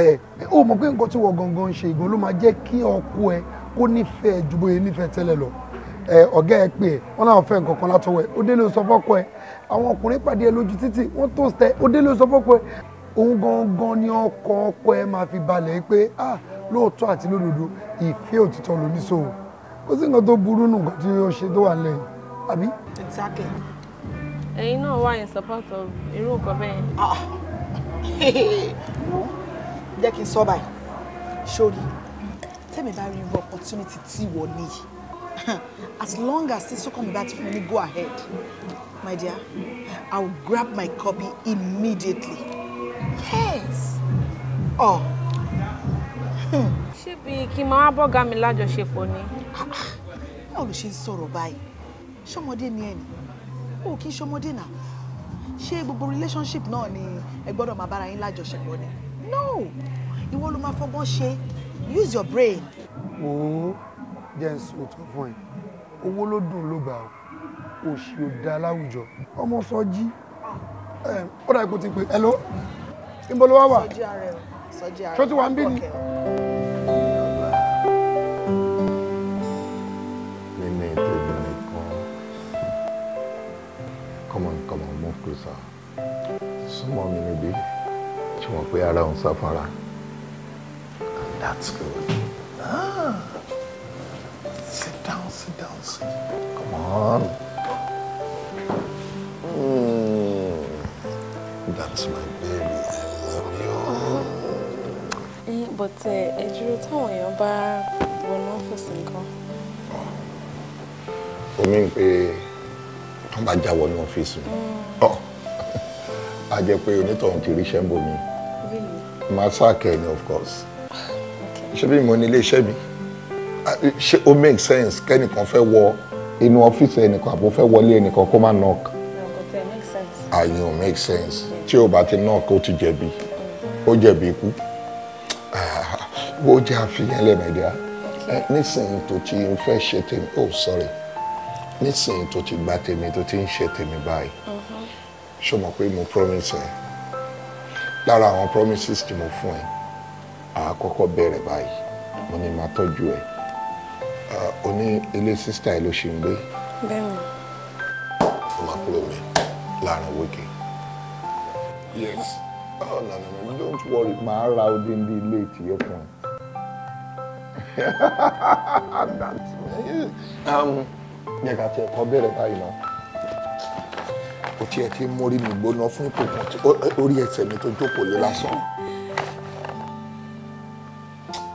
ẹ ó mọ̀ pé nǹkan tí wọ́n gangan ń ṣe ìgbọ́n ló máa jẹ́ kí ọkọ ẹ kó nífẹ̀ẹ́ ju bóyá nífẹ̀ẹ́ tẹ́lẹ̀ lọ ẹ ọ̀gá ẹ pè ẹ wọ́n láwọn fẹ́ nǹkan kan látọwọ́ ẹ ó délé sọ fọ́kọ ẹ àwọn ọkùnrin pàdé ẹ lójú títì wọ́n tó sẹ ó délé sọ fọ́kọ ẹ òun gangan ni ọkọ ọkọ ẹ máa fi balẹ̀ pé ah lóòótọ́ àti lódodo ìfẹ́ òtítọ́ lóníṣòwò ó sì nǹkan tó burú nù nǹkan tí ó ṣe tó wà lẹ́yìn àbí. exactly ẹ̀yin náà wà in support of irú nǹkan bẹ́ẹ̀. Ah. jẹ́ kí n sọ báyìí sórí tẹ́mi bá rí irú opportunity tí ìwọ ní as long as this kàn bá ti fún go ahead my dear i will grab my copy immediately yes oh. Hmm. ṣé bí kí n máa bọ́gà mi lájọṣepọ̀ ni. Ah, ah. báwo ló ṣe ń sọ̀rọ̀ báyìí ṣọmọdé ni ẹ̀ nìyẹn o kì í ṣọmọdé náà ṣé gbogbo relationship náà ni ẹ gbọ́dọ̀ máa bára yín lájọṣepọ̀ ni no ìwọ ló máa fọgbọ́n ṣe use your brain. wò ó jẹ́ ń sòótọ́ fún ẹ owó ló dùn ló bá o òṣì ò da láwùjọ ọmọ sọjí ó dà ipò ti pé hello níbo ló wá wà sọjí ààrẹ sọjí ààrẹ ṣó ti sà súnmọ́ mi níbí tí wọ́n pé ara òun sáfara and that's good. Ah. Sit down, sit down, sit down. Come on. Mm. That's my baby. I love you. Eh, but eh, ẹ dúró táwọn èèyàn bá wọnú ọ́fíìsì nǹkan. Omi ń pe wọ́n bá já wọnú ọ́fíìsì mi a jẹ́ pé onítọ̀hún ti ríṣẹ́ bò mí máa sáàkẹ́ ni of course ṣé bí mo ní iléeṣẹ́ mi ṣé ó make sense kẹ́nìkan fẹ́ wọ inú ọ́fíìsì ẹnìkan àbò fẹ́ wọlé ẹnìkan kó má knock àyàn make sense tí ò bá ti knock ó ti jẹ̀bi ó jẹ̀bi ikú ah, ó jẹ́ àfihàn lẹ́mẹ̀dẹ́à eh, nísìnyí tó ti ń fẹ́ ṣe tèmi oh sorry nísìnyí tó ti gba tèmi tó ti ń ṣe tèmi báyìí ṣó mọ̀ pé mo promise ẹ lára àwọn promises tí mo fún ẹ àá kọ́kọ́ bẹ̀rẹ̀ báyìí mo ní máa tọ́jú ẹ o ní ilé sísítà ẹ ló ṣì ń gbé. bẹ́ẹ̀ni. ó máa kúrò mi láàrin wíkì. yes oh no no don't worry màá ra odindi ilé ìtìyẹ fún that's me. Um, jẹ́ ká tiẹ̀ bẹ̀rẹ̀ báyìí náà kò tiẹ̀ ti mórí mi gbóná fún ìkòkò orí ẹsẹ̀ mi tó jókòó lé lásán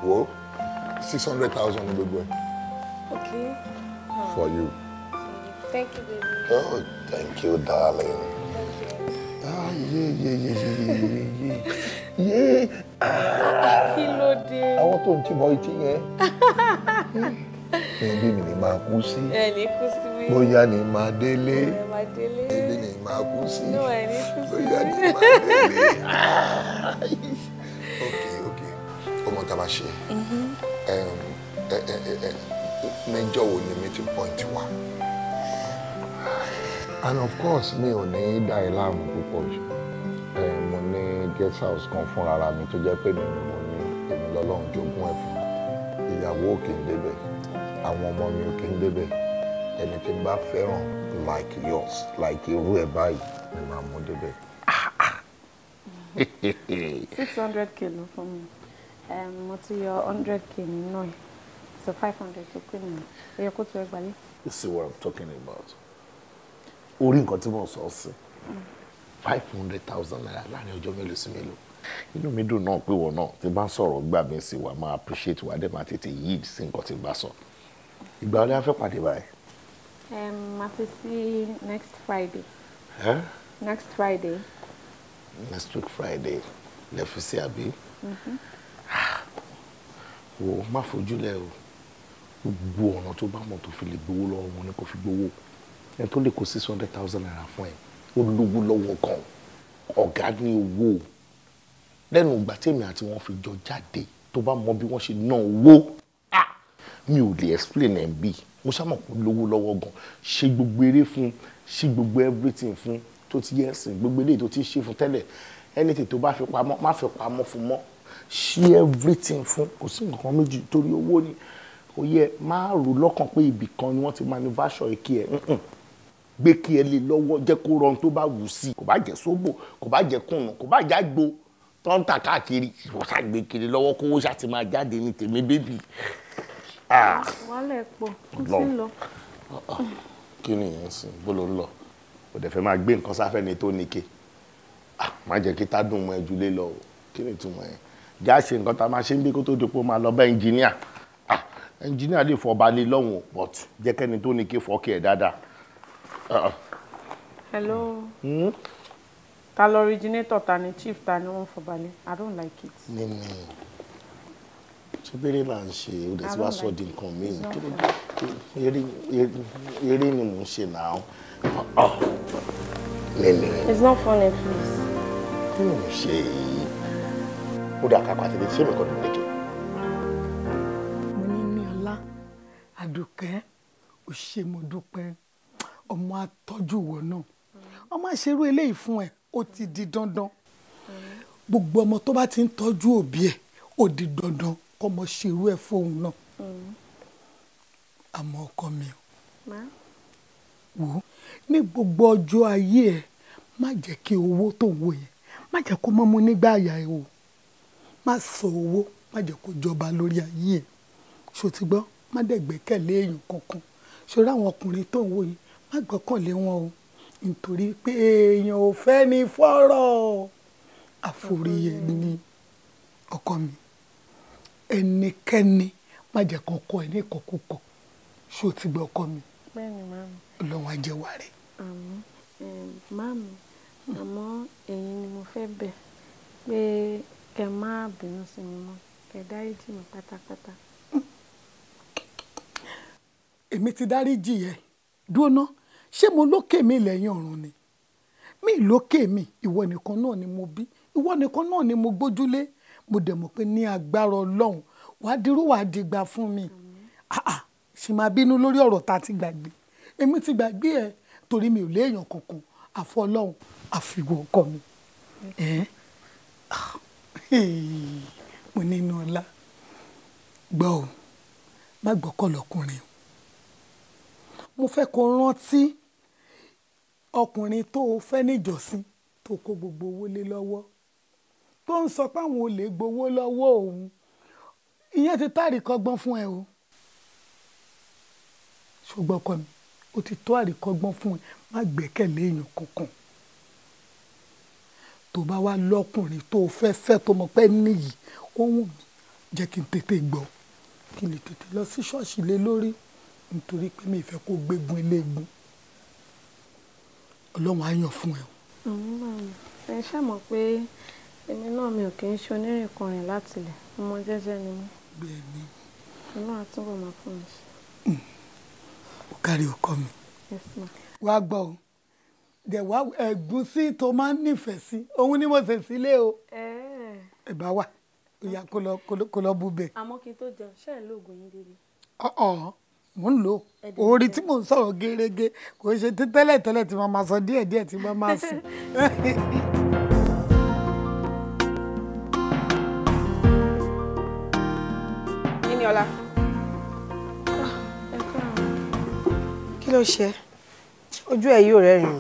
wo six hundred thousand ní gbogbo ẹ̀. okay. Oh. for you. thank you baby. oh thank you darling. Ah, yeah, yeah, yeah, yeah, yeah, yeah. yeah. kí ló dé. àwọn tó ń tìbọ̀ ìtì yẹn. ibi mi ni máa kú sí bóyá ni máa délé ibi ni máa kú sí bóyá ni máa délé ok ok ọmọ tá a bá ṣe mm-hmm. mẹ́jọ wo ni meeting point wa and of course mi ò ní dá ẹ láàmú púpọ̀ jù mo ní guest house kan fúnra mi tó jẹ́ pé mi ni mo ní èmi lọ́lọ́run jogún ẹ̀ fún ìyàwó òkè débẹ̀ àwọn ọmọ mi ò kí ń débẹ̀ ẹni tí n bá fẹ́ràn like yours like irú ẹ̀ báyìí ni màá mú débẹ̀. six hundred k ló fún mi mo ti yọ hundred k nínú ẹ̀ so five hundred tó pè mí ó yẹ kó tó ẹ gbalẹ̀. you see what i'm talking about orí nǹkan tí mo sọ ọ́ sí five hundred thousand naira láàrin ọjọ́ mélòó sí mélòó inú mi dùn náà pé wọn náà tí bá ń sọ̀rọ̀ gbà sí wa máa appreciate wa dé máa tètè yield sí nǹkan tí bá sọ ìgbà wo la fẹ́ pàdé báyìí. ẹ fi sí next friday. Huh? next friday. next week friday lè fi sí àbí. Mm-hmm. wò ó má fojú lẹ o gbogbo ọ̀nà tó bá mọ̀ tó fi lè gbowó lọ́wọ́ wọn ni kò fi gbowó ẹni tó lè kó six hundred thousand naira fún ẹ ó lówó lọ́wọ́ kan ọ̀gá ní owó lẹ́nu ìgbà tèmi àti wọn fi jọ jáde tó bá mọ bí wọ́n ṣe ná owó mi ò lè explain ẹ̀ ń bì mo ṣàmọ̀ kó lówó lọ́wọ́ gan ṣe gbogbo eré fún ṣe gbogbo everything fún tó ti yẹ ẹ̀sìn gbogbo eléyìí tó ti ṣe fún tẹ́lẹ̀ anything tó bá fi pamọ́ má fi pamọ́ fún mọ́ ṣe everything fún kò sí nǹkan méjì torí owó ni ó yẹ má rò lọ́kàn pé ibì kan ni wọ́n ti manufacture èké ẹ̀ gbé kí ẹ lè lọ́wọ́ jẹ́ kó rọrùn tó bá wù sí kò bá jẹ́ sóbò kò bá jẹ́ kùnà kò bá jẹ́ àgbo tó ń tà káàkiri ìwọ́sàgbé kiri lọ́wọ́ kówó ṣáà ti máa jáde ní tèmi bébì Ah. wàhálà pọ̀ kò sí lọ. kí ni ìyẹn sìn bó ló ń lọ kò dẹ̀ fẹ́ máa gbé nǹkan sáfẹ́ ni tó ní ke ah, má jẹ́ kí tá dùn mọ́ ẹjú lé lọ o kí ni ìtumọ̀ yẹn já ṣe nǹkan tá a máa ṣe ń bí kó tó di pé ó máa lọ bá ẹnjìníà ah, ẹnjìníà lè fọ ọba lé lọ́hùn but jẹ́ kẹ́ni tó ní ke fọ́ọ̀kì ẹ̀ dáadáa. hello. Hmm? ta lọ originator ta ni chief ta ni wọn fọbalẹ i don't like it. nínú. No, no eré là ń ṣe o dẹ̀ ti wá sọ di nǹkan míì eré ni mò ń ṣe náà nene. Ah, ah. it's not funny please. kí ló ń ṣe yìí ó dà kápá tètè ṣé mi kò ní lẹ́jọ́. mo ní ní ọlá àdùkẹ́ ò ọmọ atọ́jú wọ náà ọmọ àṣerú eléyìí fún ẹ ó ti di dandan mm. gbogbo ọmọ tó bá ti ń tọ́jú òbí ẹ̀ ó di dandan kọ́mọ ṣerú ẹ̀ fóun náà àmọ́ ọkọ mi wò ó ní gbogbo ọjọ́ ayé ẹ̀ má jẹ́ kí owó tó wò yẹn má jẹ́ kó mọ́mú nígbà àyà ẹ̀ o má sọ owó má jẹ́ kó jọba lórí ayé ẹ̀ ṣòtígbọ́ má dẹ̀ gbẹ́kẹ̀lé èèyàn kankan ṣòro àwọn ọkùnrin tó ń wò yìí má gbọ́kànlé wọn o nítorí pé èèyàn ò fẹ́ ni fọ́rọ̀ àforíyẹ ni ọkọ mi ẹnikẹ́ni má jẹ́ kọ́kọ́ ẹ̀ ní ìkọ̀kúkọ̀ ṣé o ti gbọ́ ọkọ mi. bẹ́ẹ̀ni máàmù. ọlọ́run á jẹ́ wá rẹ̀. àmọ́ máàmù àmọ́ èyí ni mo fẹ́ bẹ̀ pé kẹ́ má bínú sí mi mọ́ kẹ́ dáríjì mi pátápátá. èmi ti dáríjì yẹ dúró ṣé mo lókè mi lẹ́yìn ọ̀run ni mi lókè mi ìwọ nìkan náà ni mo bí ìwọ nìkan náà ni mo gbójúlé mo dẹ̀ mọ̀ pé ní agbára ọlọ́run wàá dirú wàá dìgbà fún mi ṣì máa bínú lórí ọ̀rọ̀ tá a ti gbàgbé èmi ti gbàgbé ẹ torí mi ò léèyàn kankan àfọ ọlọ́run àfìwọ́ ọkọ mi mo nínú ọlá gbọ́ ò má gbọ́kọ̀ lọkùnrin mo fẹ́ kó rántí ọkùnrin tó o fẹ́ níjọ́sìn tó kó gbogbo owó lé lọ́wọ́ tó ń sọ pé àwọn olè gbowó lọ́wọ́ òun ìyẹn ti tá àríkọ́gbọ́n fún ẹ o ṣùgbọ́n ọkọ mi ó ti tó àríkọ́gbọ́n fún ẹ má gbẹ́kẹ̀lé èèyàn kankan tó bá wá lọ́kùnrin tó fẹ́ fẹ́ tó mọ̀ pé níyì ó wù mí jẹ́ kí n tètè gbọ́ kí n lè tètè lọ sí ṣọ́ọ̀ṣì lé lórí nítorí pé mi ìfẹ́ kó gbégun iléegun ọlọ́run á yàn fún ẹ. ẹ ṣàmọ̀ pé èmi náà mi ò kì í ṣe onírìnkùnrin látilẹ̀ ọmọ jẹ́jẹ́ ni mí. bẹ́ẹ̀ni. ọlọ́run àtúbọ̀ máa fún mi ṣe. Hmm. ó kárí ọkọ mi. wá gbọ́ o dẹ̀ wá ẹ̀gúsí tó máa ń nífẹ̀ẹ́ sí òun ni mo ṣe sílé o. ẹ bá wà ìyá kò lọ bú bẹ́ẹ̀. àmọ́ kí n tó jẹun ṣe é lóògùn yín débi. ọ̀ọ́ mò ń lò ó orí tí mò ń sọ̀rọ̀ gẹ́gẹ́ kò ṣe tẹ́lẹ̀ tẹ́lẹ̀ tí mo máa sọ díẹ̀díẹ̀ tí mo máa sùn. ló ṣe ojú ẹ yóò rẹ́rìn.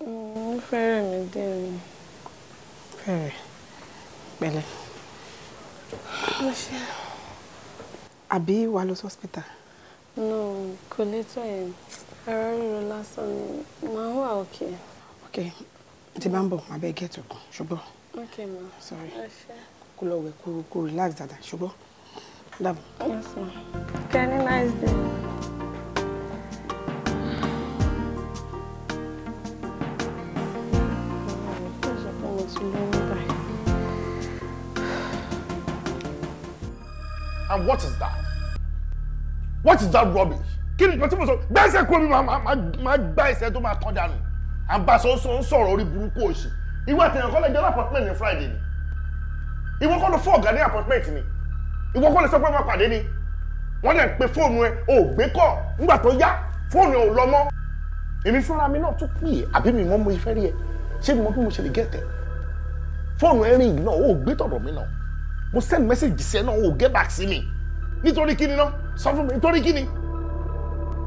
mo fẹ́rẹ̀ mi dé mi. fẹ́rẹ̀ pẹ̀lẹ́. mo ṣe. àbí wàá lọ sí hospital. no kò lè tọ́ yẹn ara ríro lásán ni màá wà òkè. ok tí bá ń bọ̀ máa bẹ́ẹ̀ gẹ̀ẹ́tù kan ṣùgbọ́n. ok ma sorry kó lọ wẹ̀ kó relax dada ṣùgbọ́n dàbọ̀. kẹ́ni nice day. And what is that? What is that rubbish? Kí ni ìgbọ́n tí mo sọ? Gbẹ́sẹ̀ kúrò mi máa gbá ẹsẹ̀ tó máa tán dànù. Àbáṣọ ń sọ̀rọ̀ orí burúkú òṣì. Ìwọ àtẹ̀yàn kọ́ jẹ́ appointment ní Friday ni. Ìwọ kọ́ lọ fún ọ̀gá ní appointment ni. Ìwọ kọ́ lè sọ pé máa pàdé ni. Wọ́n dẹ̀ pe fóònù ẹ, ò gbé kọ̀ nígbà tó yá fóònù ẹ ò lọ mọ́. Èmi fúnra mi náà tún pè é àbí mi mọ́ mo ìfẹ́ rí ẹ. Ṣé mi mọ bí mo ṣe lè gẹ̀tẹ̀? Fóònù ẹ rìn náà ò gbé tọ̀dọ̀ mi náà mo send message sí ẹ náà o get back sí mi nítorí kíni náà sọ fún mi nítorí kíni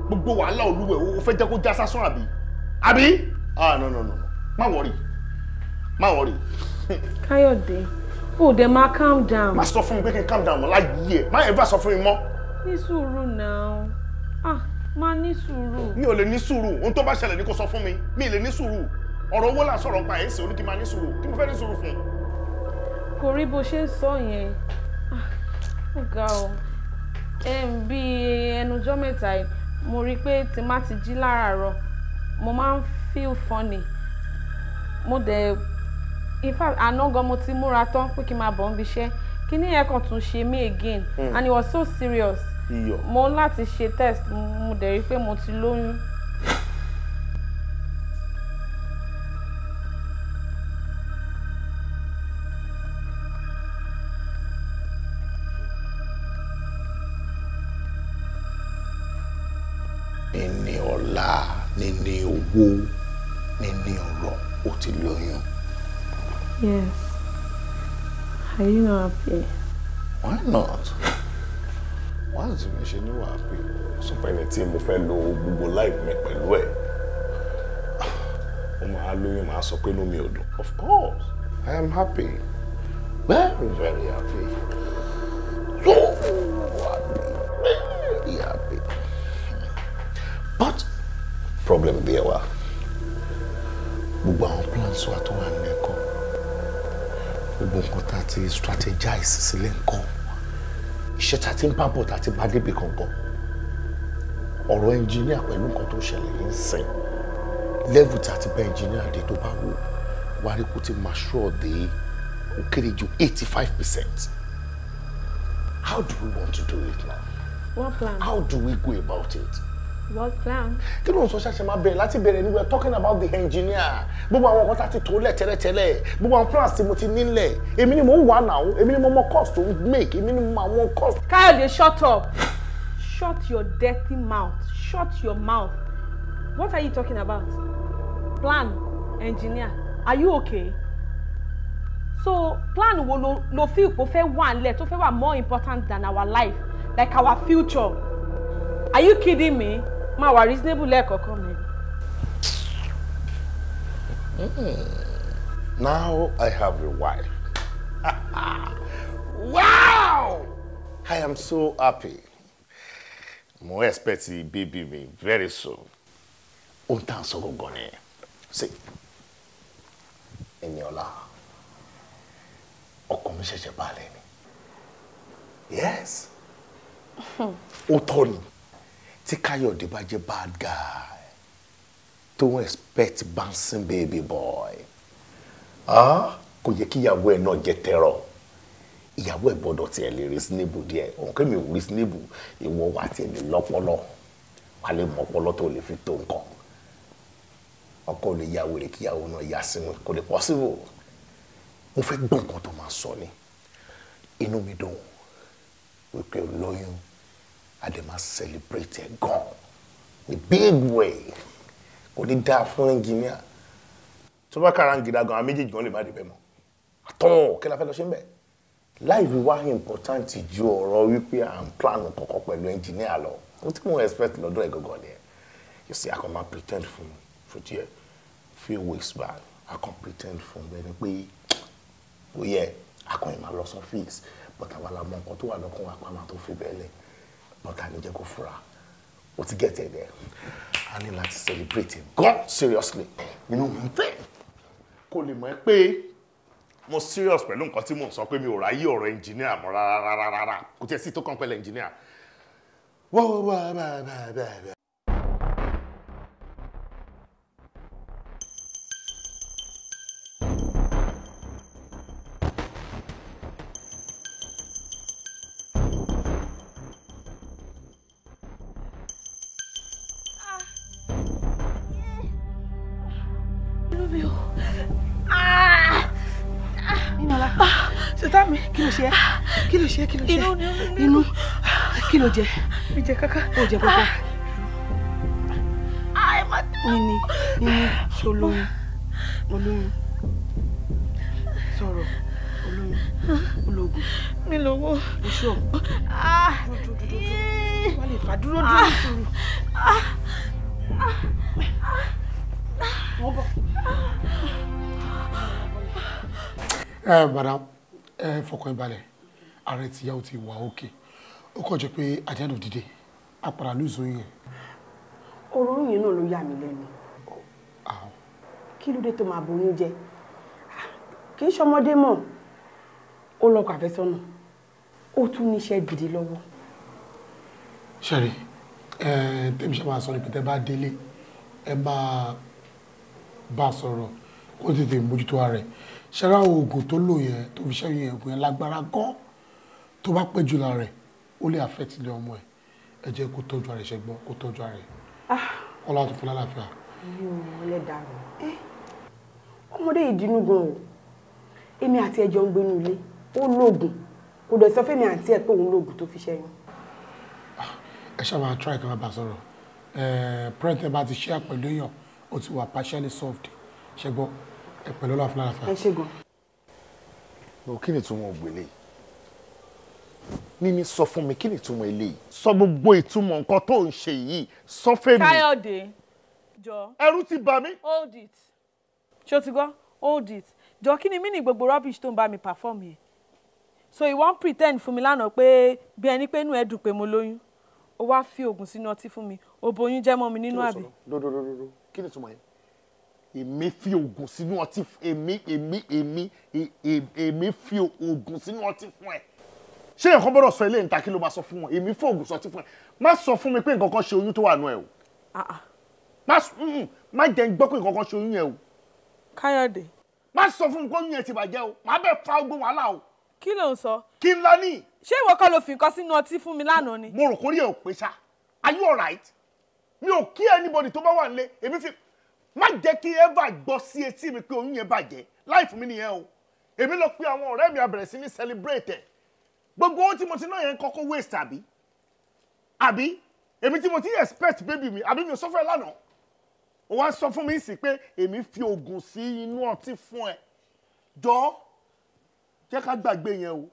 gbogbo wàhálà olúwẹ̀ o fẹ́ jẹ́ kó já sásán àbí àbí ah no no no má wọrí má wọrí. káyọ̀dé o dẹ̀ máa calm down. má sọ fún mi pé kí n calm down mọ́ láyé ẹ̀ má ever sọ fún mi mọ́. ní sùúrù náà ah má ní sùúrù. mi ò lè ní sùúrù ohun tó bá ṣẹlẹ̀ ni kò sọ fún mi mi ì lè ní sùúrù ọ̀rọ̀ owó là ń sọ̀rọ̀ pa ẹ̀ ń sè oníkì máa ní sùúrù kí mo fẹ́ ní sùúrù fún un kò rí bó ṣe ń sọ yẹn ah, ó ga ọ bí ẹnujọ́ mẹ́ta mo rí i pé tí jí láràárọ̀ mo máa ń feel funny mo dẹ̀ in fact mo ti múra tán pé kí n máa bọ̀ ń biṣẹ́ kíní yẹn kàn tún ṣe mí again hmm. and it was so serious mo láti ṣe test mo dẹ̀ rí i pé mo ti lóyún. fẹ́ lo gbogbo life mi pẹ̀lú ẹ̀ ó máa lóyún máa sọ pé inú mi ò dùn of course I am happy very very happy so happy very happy but problem bí ẹ wá gbogbo àwọn plans wa tó wà ní ẹ̀kọ́ gbogbo nǹkan tá a ti strategize sílẹ̀ nǹkan iṣẹ́ tá ti ń bá bọ̀ tá ti bá débi kankan ọ̀rọ̀ ẹnjìníà pẹ̀lú nǹkan tó ṣẹlẹ̀ yìí ń sìn level tí a ti bá ẹnjìníà dé tó bá wò wá rí kó ti mature dé ó kéré ju eighty five percent how do we want to do it now what plan how do we go about it. What plan? Kí ló ń sọ ṣáṣẹ máa bẹ̀rẹ̀ láti bẹ̀rẹ̀ ni we are talking about the engineer. Gbogbo àwọn ọkọ̀ tá a ti tó lẹ̀ tẹ́lẹ̀tẹ́lẹ̀. Gbogbo àwọn plans tí mo ti nílẹ̀. Èmi ni mo wà náà. Èmi ni mo mọ cost to make. Èmi ni mo mọ àwọn cost. Káyọ̀dé shut up. Shut your dirty mouth. Shut your mouth. What are you talking about? Plan, engineer, are you okay? So plan wo lo lo feel po fẹ́ wà nlẹ̀ tó fẹ́ wà more important than our life like our future. Are you kidding me? Ma wa reasonable lẹ́ẹ̀kọ̀ọ̀kan mi. Now I have a wife. Wow! I am so happy mo expect baby me very soon ó ń tàn sọ gangan nìyẹn ṣe ẹni ọlá ọkàn mi ṣẹ̀ṣẹ̀ balẹ̀ ni yes ó tọ́ ni tí káyọ̀dé bá jẹ́ bad guy tó ń expect bouncing baby boy ah, kò yẹ kíyàwó ẹ̀ náà jẹ́ tẹ̀rọ ìyàwó ẹ̀ gbọ́dọ̀ tiẹ̀ lè reasonable díẹ̀ òǹkẹ́ mi ò reasonable ìwọ wà tiẹ̀ lè lọ́pọlọ wà lè mọ ọpọlọ tó lè fi tó nǹkan ọkọ lè ya wèrè kí ìyàwó náà ya sí wọn kò lè possible mo fẹ́ gbọ́ nǹkan tó máa sọ ni inú mi dùn wípé olóyún àdèmà celebrate ẹ̀ gan ní big way kò ní dáa fún ẹnjìníà tó bá kára ń gidá gan àwọn méjèèjì gan lè má dé bẹ́ẹ̀ mọ́ àtọ́ kí la fẹ́ lọ ṣe ń bẹ́ẹ̀ láì fi wá important ju ọ̀rọ̀ wípé à ń plan kọ̀ọ̀kan pẹ̀lú engineer lọ ohun tí mo expect lọ́dọ̀ ẹ̀ gọ́gọ́ ni ẹ̀ you see i come and pretend fún fún tiẹ̀ few weeks back i come pretend fún bẹ́ẹ̀ ni pé kò yẹ akọ̀yìn máa lọ sọ́fíìsì but àwa la mọ nǹkan tó wà lọ́kàn wa pàmò tó fi bẹ́ẹ̀ lẹ̀ but àní jẹ́ kó fura o ti gẹ̀tẹ̀ dẹ̀ a ní láti celebrate it god seriously you know one thing kò lè mọ̀ ẹ́ pé mo serious pẹ̀lú nǹkan tí mo sọ pé mi ò ráyè ọ̀rọ̀ engineer mọ́ rárá rárá kò tiẹ̀ sí tó kàn pẹ̀lú engineer ló jẹ? mi jẹ kaka. o jẹ kaka. Ah! Ah, nini nini ṣe olóyún olóyún sọ̀rọ̀ olóyún ológun. mi lówó. oṣù ọ̀ ah! dúró dúró dúró wọ́n eh! lè fà dúró dúró sùúrù. wọ́n bọ̀. Eh, eh, ẹ bàdà ẹ fọkàn balẹ̀ ààrẹ tìyàwó ti wà òkè. Okay ó kàn jẹ́ pé at the end of the day àpàrà lóòzó yẹn. ọ̀rọ̀ yẹn náà ló yà mí lẹ́nu. kí ló dé tó máa boyún jẹ kì í ṣọmọdé mọ́ ó lọ́kọ àfẹ́sọ́nà ó tún níṣẹ́ gidi lọ́wọ́. ṣẹ́rí tẹ́mi ṣe máa sọ ní pé tẹ́ bá délé ẹ máa bá a sọ̀rọ̀ kó tètè mójútó rẹ̀ ṣẹ́ra oògùn tó lò yẹn tó fi ṣẹ́yìn ẹ̀gùn yẹn lágbára gan tó bá pẹ́ jù rẹ̀ ó lè affect ilé ọmọ ẹ̀ ẹ jẹ́ kó tọ́jú ara ẹ̀ ṣẹ́gbọ́n kó tọ́jú ara ẹ̀ kọ́lá ah. tó fún lálàáfíà. ọlẹ́dàá eh. ọmọdé yìí dínú gan o èmi àti ẹjọ ń gbénu ilé ó lóògùn kò dẹ̀ sọ fẹ́mi àti ẹ̀ pé òun lóògùn tó fi ṣẹ́yìn. Ah, ẹ ṣáà máa try kí wọ́n bá sọ̀rọ̀ eh, parent ẹ bá ti share pẹ̀lú èèyàn ó ti wà partially solved ṣẹ́gbọ́n ẹ pẹ̀lú ọlọ́run fún lálàáfíà. ẹ ṣe gan. kí ni tí wọn ò gbélé yìí níní sọ fún mi kí ni ìtumọ̀ eléyìí sọ gbogbo ìtumọ̀ nǹkan tó ń ṣe yìí sọ fẹ́ mi. káyọ̀dé jọ. ẹ̀rù ti bà mí. hold it ṣé o ti gbọ́ hold it jọ kí ni mí ní gbogbo rubbish tó ń bá mi perform yìí so ìwọ ń pretend fún mi lánàá pé bí ẹni pé inú ẹ dùn pé mo lóyún o wá fi oògùn sínú ọtí fún mi o boyún jẹ́ mọ́ mi nínú àbí. lódodododo kí ni ìtumọ̀ yẹn èmi fi oògùn sínú ọtí èmi èmi èmi e-, e-, èmi fi oògùn sínú ọtí fún ẹ ṣé nǹkan bọ́dọ̀ sọ ilé ìta kí ló máa sọ fún wọn èmi fóògùn sọtí fún ẹ má sọ fún mi pé nǹkan kan ṣe oyún tó wà nù ẹ o ah, ah. Mm, mm. má jẹ́ ń gbọ́ pé nǹkan kan ṣe oyún ẹ o. káyọ̀dé. má sọ fún mi pé oyún ẹ ti bàjẹ́ o má bẹ́ẹ̀ fa ogbó wàhálà o. kí ló ń sọ. kí n lọ ní. ṣé ìwọ kọ́ ló fi nǹkan sínú ọtí fún mi lánàá ni. mo rò kórìí ẹ ò pé sá are you alright mi ò kí anybody tó bá wà nílé èmi fi má jẹ́ kí ever gbọ́ sí etí mi pé oyún yẹn bàjẹ́ láì fún mi nìyẹn o èmi lọ pé àwọn ọ̀rẹ́ mi á sí ní celebrate gbogbo owó tí mo ti ná yẹn kọ́kọ́ waste àbí àbí èmi tí mo ti expect baby mi àbí mi ò sọ fún ẹ lánàá o wá sọ fún mi sí pé èmi fi oògùn sí inú ọtí fún ẹ jọ jẹ́ ká gbàgbé yẹn o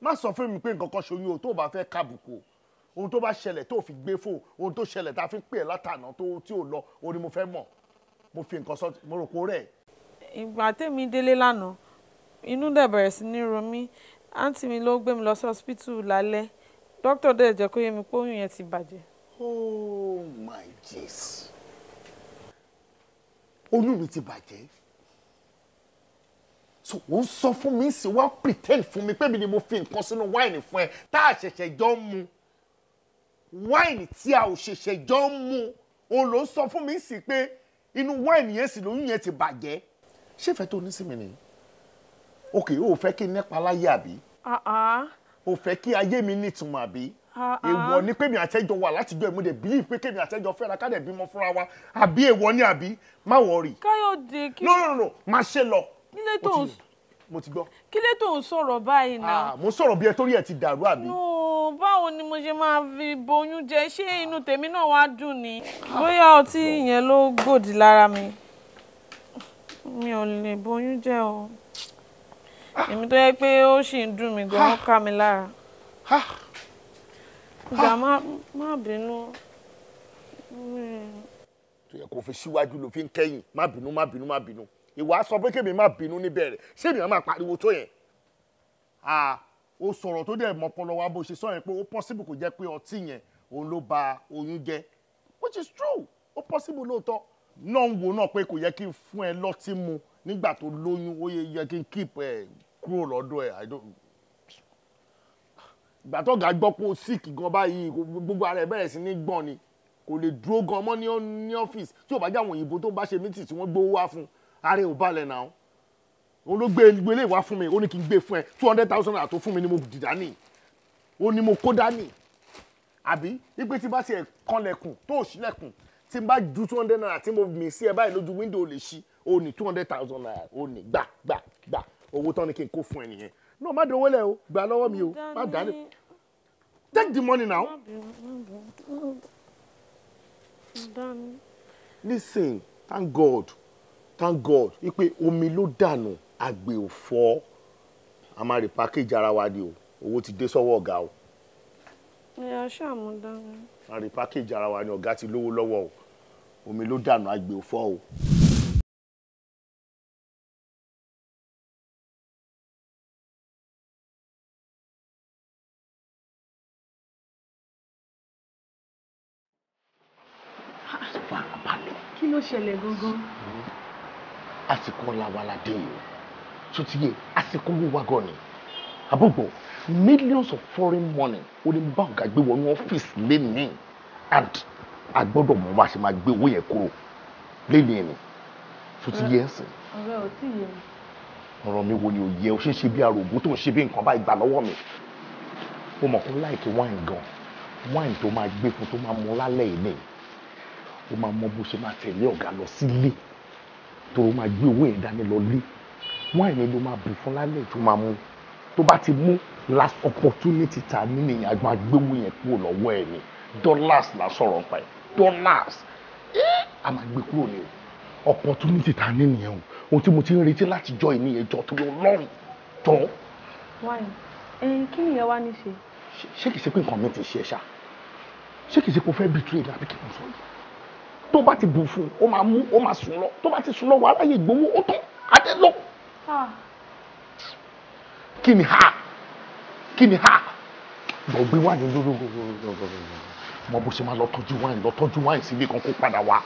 má sọ fún mi pé nǹkan kan ṣoyún o tó o bá fẹ́ kábùkù o ohun tó bá ṣẹlẹ̀ tó fi gbé fò ohun tó ṣẹlẹ̀ tá a fi pè é látànà tó tí ò lọ o ni mo fẹ́ mọ̀ mo fi nǹkan sọ mo rò pé ó rẹ̀. ìgbà tèmi délé lánàá inú dẹ̀ bẹ̀rẹ̀ sí ní ro àǹtí mi ló gbé mi lọ sí ọsibítù lálẹ́ dókítà dẹ̀ jẹ́ kó yé mi pé oyún yẹn ti bàjẹ́. oh my Jesus oyún mi ti bàjẹ́ so wọ́n sọ fún mi sí wọ́n pretend fún mi pé mi ni mo fi nǹkan sínú wáìnì fún ẹ tá a ṣẹ̀ṣẹ̀ jọ ń mu wáìnì tí a ò ṣẹ̀ṣẹ̀ jọ ń mu òun ló sọ fún mi sí pé inú wáìnì yẹn sì lóyún yẹn ti bàjẹ́ ṣé ìfẹ́ tó ní sí mi nìyí ok o fẹ́ kí n nípa láyé àbí ò fẹ́ kí ayé mi nítumọ̀ àbí èèwọ̀ ni pé mi àtẹ́jọ wà látijọ́ ìmúdẹ̀ bílíì pé kémi àtẹ́jọ fẹ́ra ká dẹ̀ bímọ fúnra wa àbí èèwọ̀ ni àbí má wọ̀rì. káyọ̀dé kí. no no no má ṣe lọ. nílé tó ń mo ti gbọ́. kí lè tó ń sọ̀rọ̀ báyìí náà. Ah, mo sọ̀rọ̀ bí ẹ torí ẹ ti dàrú àbí. no báwo ni mo ṣe máa fi boyún jẹ ṣé ah. inú tèmi náà wá dùn ni. Ah. bóyá ọtí yẹn ló gbòdì lára mi mi ò lè boyún jẹ o èmi tó yẹ pé ó sì ń dùn mí gan ó ká mi lára ìgbà má bínú. tó yẹ kó fi síwájú ló fi ń kẹ́yìn má bínú má bínú má bínú ìwà sọ pé kébì má bínú níbẹ̀rẹ̀ ṣé ènìyàn máa pariwo tó yẹn ó sọ̀rọ̀ tó dẹ̀ mọ́ ọpọlọ wa bó ṣe sọ yẹn pé ó possible kò jẹ́ pé ọtí yẹn òun ló ba oyún jẹ́ which is true ó possible lóòótọ́ náà ń wo náà pé kò yẹ kí n fún ẹ lọ́tí mu nígbà tó lóyún ó yẹ kí n keep ẹ eh, kúrò lọ́dọ̀ ẹ̀ i don't ìgbà tó ga gbọ́ pé ó sick gan báyìí gbogbo ara ẹ̀ bẹ̀rẹ̀ sí ní gbọ̀n ni kò lè dúró gan mọ́ ní ọ́fíìsì tí ò bá jẹ́ àwọn òyìnbó tó bá ṣe mítì tí wọ́n gbówó wá fún ara ẹ̀ ò balẹ̀ náà òun ló gbé ilé ìwá fún mi ó ní kí n gbé fún ẹ two hundred thousand naira tó fún mi ni mo dì dání ó ní mo kó dání àbí wípé tí bá tiẹ̀ kanlẹ̀kùn tó ò sílẹ̀kùn tí n bá ju two hundred naira tí mo mì sí ẹ báyìí lójú wíńdò ò lè ṣí ó ní two hundred thousand naira ó ní gbà gbà gbà owó tán ni kí n kó fún ẹ nìyẹn náà má dòwó lẹ o gbà lọ́wọ́ mi o má dání take the money now. listen thank god thank god wípé omi ló dànù àgbè ò fọ́ a máa rí package ara wa ni o owó ti dé sọ́wọ́ ọ̀gá o. ẹ̀yà ṣàmú dání. a rí package ara wa ni ọ̀gá ti lówó lọ́wọ́ o omi ló dànù àgbè ò o. ṣẹlẹ̀ gangan. àsìkò ọ̀la wa la dé yìí tó ti yẹ àsìkò owó wa gan ni àbúgbò millions of foreign money ó ní bá ọ̀gá gbé wọnú ọ́fíìsì lẹ́nìí and a gbọ́dọ̀ mọ̀ bá a ṣe máa gbé owó yẹn kúrò lẹ́nìí ni tó ti yẹ ẹ̀sìn. ọ̀rẹ́ ò tí yẹ. ọ̀rọ̀ mi wo ni ò yẹ o ṣe ń ṣe bí arògùn tó ń ṣe bí nǹkan bá ìgbà lọ́wọ́ mi mo mọ̀ kó láìkí wáìn gan wáìn tó máa gbé fún tó máa mú lálẹ́ yìí nìyí ó máa mọ bó ṣe máa tẹ̀lé ọ̀gá lọ sílé tó o máa gbé owó yẹn dání lọ lé wáìnì ló máa bù fún lálẹ́ tó máa mú tó bá ti mú last opportunity ta ní nìyẹn àgbà gbéwò yẹn kúrò lọ́wọ́ ẹ̀ ni dollars la sọ̀rọ̀ pa ẹ̀ dollars a máa gbé kúrò ní o opportunity ta ní nìyẹn o ohun tí mo ti ń retí láti jọ ìní yẹn jọ torí ọlọ́run jọ. wáìnì ẹyin kí nìyẹn wá ní ṣe. ṣé kìí ṣe pé nǹkan mi ti ṣe ṣá ṣé kìí ṣe pé o fẹ́ bìtúrè ní àbíkí mo sọ yìí tó bá ti bù fún ó máa mú ó máa sùn lọ tó bá ti sùn lọ wàhálà yìí gbowó ó tán adé lọ. kí ni ha kí ni ha lọ gbé wáìnì lórí bó ṣe máa lọ tọ́jú wáìnì lọ tọ́jú wáìnì síbi kan kó padà wá.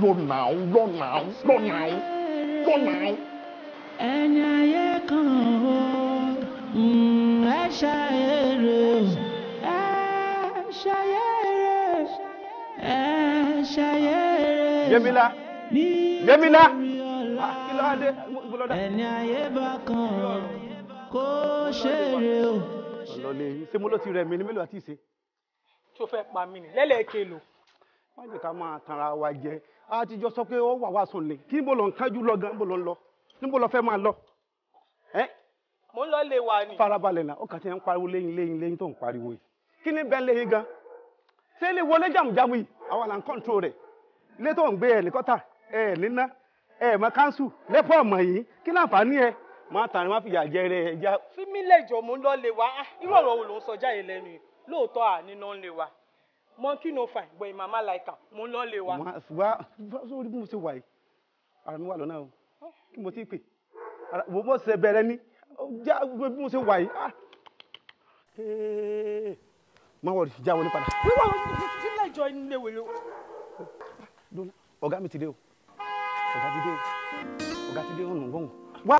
lọ́nà lọ́nà lọ́nà lọ́nà. ẹni ayé kan ó mm, ẹ ṣàyẹ̀rẹ̀ ẹ ṣàyẹ̀rẹ̀. Jẹ́mílá Jẹ́mílá ah, kí Ẹni ayé bá kan kó ṣeré o. Ọ̀lọ́lẹ̀ yìí ṣé mo ló ti rẹ̀ mí ni mélòó àti ìṣe? Tó fẹ́ pa mí ni lẹ́lẹ̀kẹ́ lò. Má jẹ́ ká máa tanra wa jẹ. A sọ pé ó wà wá sùn lè. Kí níbo lọ ń kájú lọ gan, níbo lọ ń lọ? Níbo lọ fẹ́ máa lọ? Mo ń lọ lè wà ní. Farabalẹ̀ náà, ó kà ti ń pariwo lẹ́yìn lẹ́yìn lẹ́yìn tó ń pariwo yìí. Kí ni bẹ́ẹ̀ lẹ́yìn gan? ṣé ilé wọlé jàmùjàmù yìí àwọn là ń kọ́ńtró rẹ̀ ilé tó ń gbé ẹ̀ ẹ̀ níná ẹ̀ mọ káńsù lẹ́pọ̀ ọ̀mọ̀ yìí kí láǹfààní ẹ máa tàn má fìyà fi mí lẹ́jọ́ mò ń lọ lè wá ah, irú ọ̀rọ̀ wo ló ń sọ jáde lẹ́nu yìí àníná monkey no fine but mama like am ah, mo ń lọ lè wá. wá sórí bí mo ṣe wà yìí má wọrí já wọlé padà. wíwá sílẹ̀ ìjọ ilé wèrè o. ọ̀gá mi ti dé o ọ̀gá ti dé o ọ̀gá ti dé ọ̀nà gbọ̀ngàn wá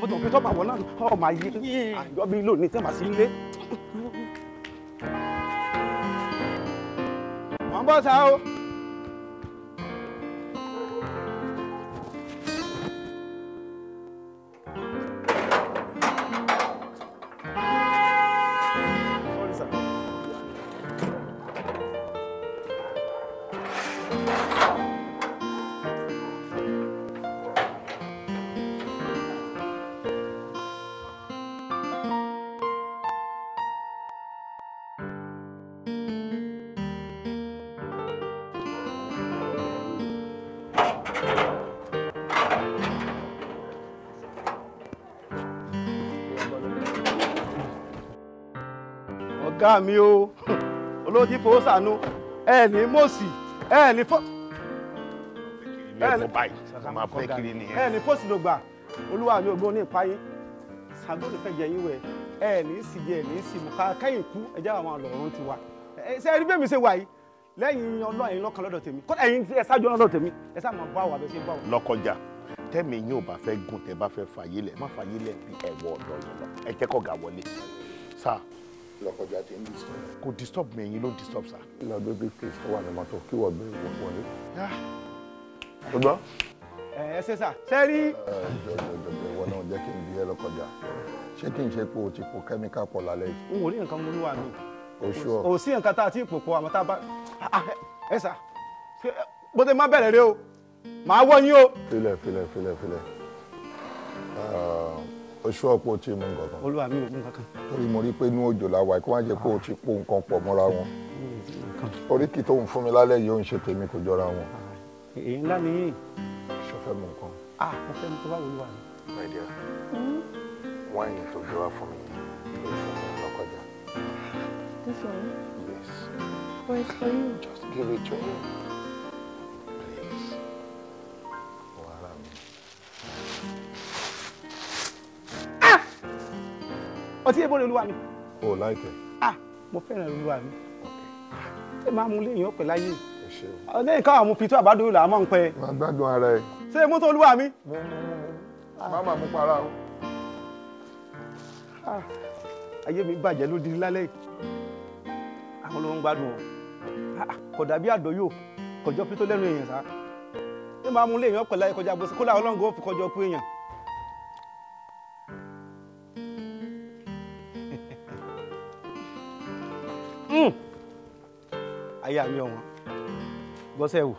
mo tàn pé tọ́pọ̀ àwọn náà ọ̀ máa yé àjọ mi lónìí tẹ́ màá sí ilé. wọ́n bọ́ sáà o. ọ̀gá mi o olójì fowó sànú ẹ ní mọ̀sì ẹ ní fọ́. ẹ ní fọ́sì ló gbà olúwa mi ògbó ní ìpáyé Ṣàngó ló fẹ́ jẹ yín wẹ̀ ẹ ní sì jẹ ẹ ní sì mú ká kẹ́yìn kú ẹjẹ́ àwọn àlọ́run ti wá ṣe ẹ rí bẹ́ẹ̀ mi ṣe wà yìí lẹ́yìn ọlọ́yin lọ́kàn lọ́dọ̀ tèmi kọ́ ẹ̀yin ẹ ṣáájú lọ́dọ̀ tèmi ẹ ṣáà máa bá wà bẹ́ẹ̀ ṣe bá wà. lọkọjà tẹ́mi yín ò bá fẹ́ gùn tẹ́ bá fẹ́ fàyè lẹ̀ má fàyè lẹ̀ bí ẹ̀wọ̀ ọ̀dọ̀ yẹn lọ ẹ jẹ́ kọ́ga wọlé sáà lọ́kọjá ti ń disturb. kò disturb mi ẹ̀yin ló disturb sa. lọ gbé bí please ó wà ní mọ́tò kí wọ́n gbé ìwọ wọlé. tó ah. gbọ́. ẹ ẹ ṣe sà ṣe rí. ẹ jọjọ jọjọ ìwọ náà jẹ́ kí n bí ẹ lọ́kọjá ṣé kí n ṣe pé o ti po kẹ́míkà pọ̀ lálẹ́ yìí. n ò rí nǹkan mú níwà mi. o ṣú ọ. kò sí nǹkan tá a ti pò pọ̀ àmọ́ tá a bá ah, ah, ẹ sà bó ti má bẹ̀rẹ̀ rẹ o màá wọ́ yín o. filẹ̀ filẹ̀ filẹ̀ filẹ̀ oṣù ọ̀pọ̀ ò tí ì mú nǹkan kan. olúwa mi ò mú nǹkan kan. torí mo rí i pé inú òjò la wà kó má jẹ́ pé o ti pò nǹkan pọ̀ mọ́ra wọn. oríkì tó ń fún mi lálẹ́ yìí ó ń ṣe tèmi kò jọra wọn. èyí ńlá ni yín. ṣe fẹ́ mu nǹkan. a ah, mo fẹ́ mu tó bá wọlé wa. my dear wáìnì tó gbé fún mi ló fún mi lọ́kọjá. this one. yes. for you. just give it to me. ọtí èbó ni olúwa mi. o ò láìpẹ́. ah mo fẹ́ràn olúwa mi. ṣé máa mú léyìn ọ̀pẹ̀ láyé lẹ́yìn káwọn àmú pitú àbádọ́rò là á mọ̀ ń pẹ́. màá gbádùn ara ẹ. ṣé mọ́tò olúwa mi. má má mú para o. Ah, ayé mi bàjẹ́ ló di lálẹ́ yìí àwọn ló ń gbádùn o ah, kò dàbí àdóyò kọjọ́ pé tó lẹ́nu èèyàn sá ṣé máa mú léyìn ọ̀pẹ̀ láyé kọjá gbèsè kó láwọn ọlọ́ngàn fi kọjọ́ kú èèyàn. yà yọ wọn gbọ́sẹ̀ wò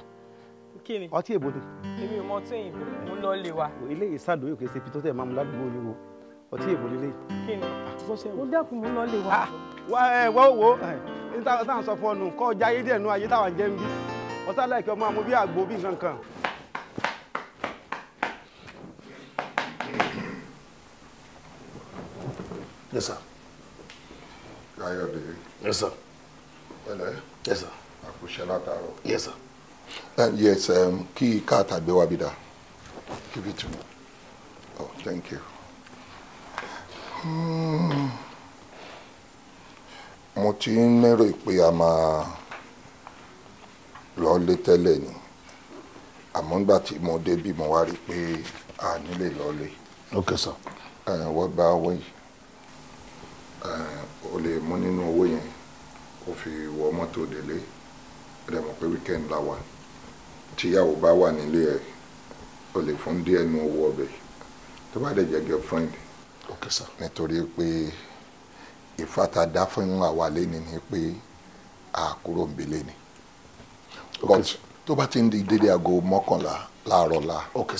ọtí èbó ni. èmi ò mọ tí èyí mo lọ lè wa. eléyìí sàdóyè kò ṣe pitọ́tẹ̀ máa mu ládùúgbò olúwo ọtí èbó lélẹ̀. kí ni gbọ́sẹ̀ ah, wò. mo dẹ́kun mo lọ lè wa. Ah, wá ẹ wá wo ní táwọn sọ fún ọ nù kọ́ ọjà ayé díẹ̀ nù ayé táwọn jẹ́ ń bí ọtá láìkẹ́ ọmọ àmú bí àgbo bí nǹkan kan. Yes, sir. Kayode. Yes, sir. Hello. Yes, sir ṣe látàárọ̀. yes sir. Uh, yes um, kí ká tàgbé wa bí da give it to me oh thank you. Hmm. mo ti ń lérò pé a máa lọ lé tẹ́lẹ̀ ni àmọ́ nígbà tí mo débí mo wá rí i pé a nílè lọ lé. ok sir. Uh, wọ́n gba owó yìí uh, o lè mú nínú owó yẹn o fi wọ mọ́tò délé. rẹ̀ mọ̀ pé weekend la wà tíyàwó bá wà nílé ẹ̀ o lè fún díẹ̀ nu owó ọbẹ̀ tó bá dẹ̀ jẹ́ girlfriend. okay sir. nítorí pé fún àwa lẹ́ni ni pé a kúrò ni. sir. tó bá ti ń di dédé aago mọ́kànlá láàárọ̀ la. okay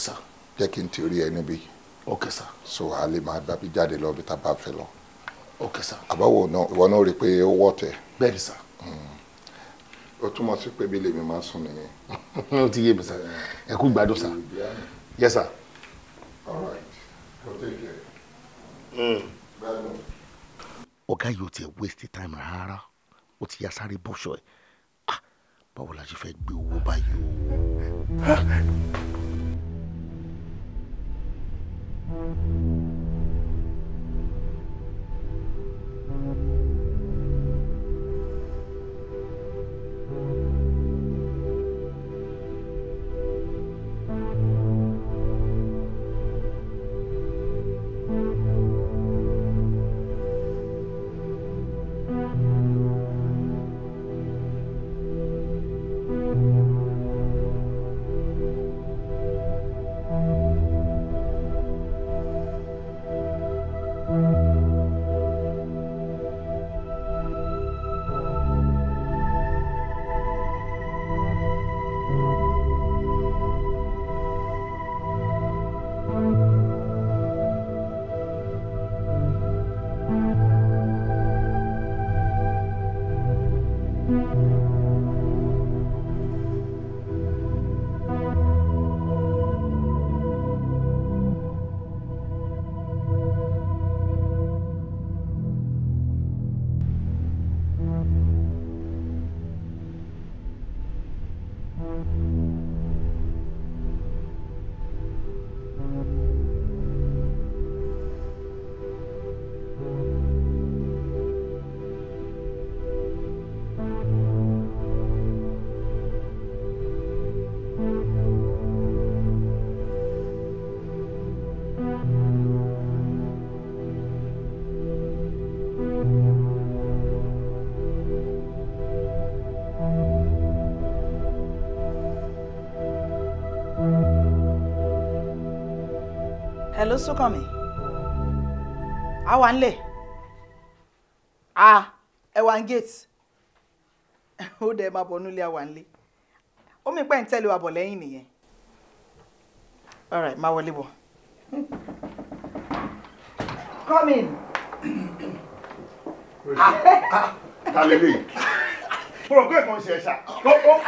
sir. so a lè máa gbàbí jáde lọ bí tá bá fẹ́ lọ. okay sir. ó túmọ̀ sí pé bí lèmi máa ń sùn nìyẹn. ó ti yé mi sá ẹ kú gbádùn sá yes sá. ọ̀gá yìí ò tiẹ̀ waste time rárá ó ti yá sáré bọ́ṣọ ẹ̀ ah, báwo la ṣe fẹ́ gbé owó báyìí o. ló súnkàn mí a wà ńlẹ̀ a ẹ wà ń gate ó dẹ̀ máa bọ̀ nílé a wà ńlẹ̀ ó mi pẹ́ ń tẹ̀lé wa bọ̀ lẹ́yìn nìyẹn all right máa wọlé bọ̀ come in. Kálẹ́lẹ́ ah, ah, yìí. Mo rò pé ń ṣe ẹ̀ṣà. Oh, oh,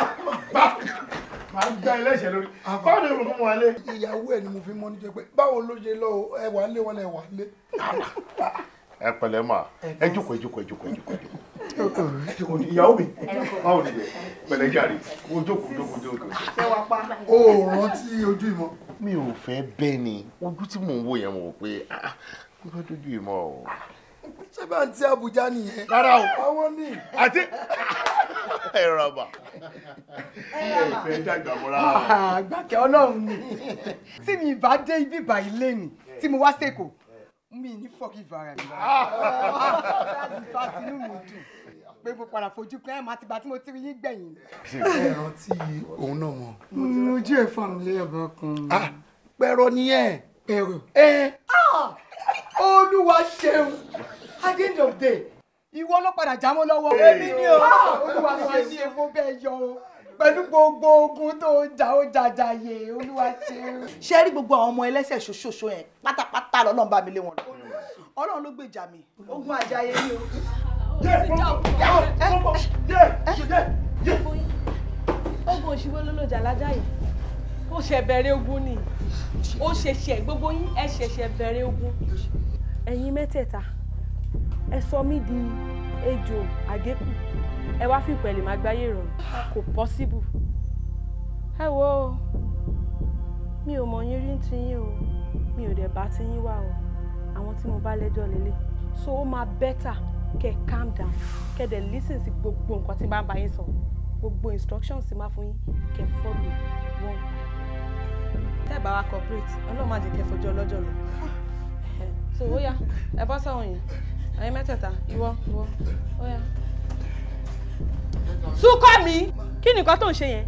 máa gbá ẹlẹ́ṣẹ̀ lórí báwo ni ìrònú wọn lé. ìyàwó ẹ ni mo fi mọ ní jẹ pé báwo ló ṣe lọ ẹ wà lé wọn lẹ wà lé. ẹ pẹ̀lẹ́ mà ẹ jókòó ẹ jókòó ẹ jókòó ẹ jókòó ìyàwó mi báwo ni bẹ pẹ̀lẹ́ jàre mo jókòó jókòó jókòó. ṣé wàá pa. o rántí ojú ìmọ̀. mi ò fẹ́ bẹ́ẹ̀ ni ojú tí mò ń wò yẹn mo rò pé ah kó tó dojú ìmọ̀ o ṣé bá ń ti Abuja nìyẹn. rárá o àwọn míì. àti ẹ rọba ẹ fẹ́ dàgbà mọ́ra. àgbàkẹ́ ọlọ́run ni tí mi bá dé ibi ìbàyí lẹ́nu tí mo wá sẹ́kọ̀ọ́ mi ní forgive ara mi. láti fa tinú mi dùn pé mo padà fojú pé ẹ̀ máa ti gba tí mo ti rí yín gbẹ̀yìn. ẹ rántí òun náà mọ. ojú ẹ̀ fà mí lẹ́yìn ọ̀bọ̀ kan. Ah, pẹ̀rọ nìyẹn. pẹ̀rọ. ẹ olúwa ṣeun at the end of the day ìwọ ló padà jámọ́ lọ́wọ́ èmi ni o olúwa ṣe ní epo bẹ́ẹ̀ yọ o pẹ̀lú gbogbo ogun tó jà ó jàjàyè olúwa ṣeun. ṣé rí gbogbo àwọn ọmọ ẹlẹ́sẹ̀ ṣoṣoṣo yẹn pátápátá lọ́lọ́run bá mi lé wọn lọ ọlọ́run ló gbèjà mi. ogun àjàyè ni o. ogun òṣìwọ́ ló lòjà lájàyè ó ṣe bẹ̀rẹ̀ ogun ni ó ṣẹ̀ṣẹ̀ gbogbo yín ẹ ṣẹ̀ṣẹ̀ bẹ̀rẹ̀ ogun ẹ̀yin mẹ́tẹ̀ẹ̀ta ẹ sọ mí di ejò àgékù ẹ wá fi pẹ̀lẹ́ máa gbáyé ìrọ̀rùn kò possible ẹ wo mi ò mọ̀ yín rí ti yín o mi ò dẹ̀ bá ti yín wá o àwọn tí mo bá lẹ́jọ́ lélẹ̀ so ó máa bẹ́tà kẹ́ calm down kẹ́ dẹ̀ listen sí gbogbo nǹkan tí bá ń bá yín sọ gbogbo instructions tí n fún yín kẹ́ follow wọn. tẹ́ bá wa cooperate ọlọ́run má jẹ́ kẹ́ fojú ọlọ́jọ́ lọ so ó oh yá ẹ bọ́ sọ̀rọ̀ yẹn ẹ̀yin mẹ́tẹ̀ẹ̀ta ìwọ ìwọ ó oh yá. Súnkọ́ mi kí nìkan tó ń ṣe yẹn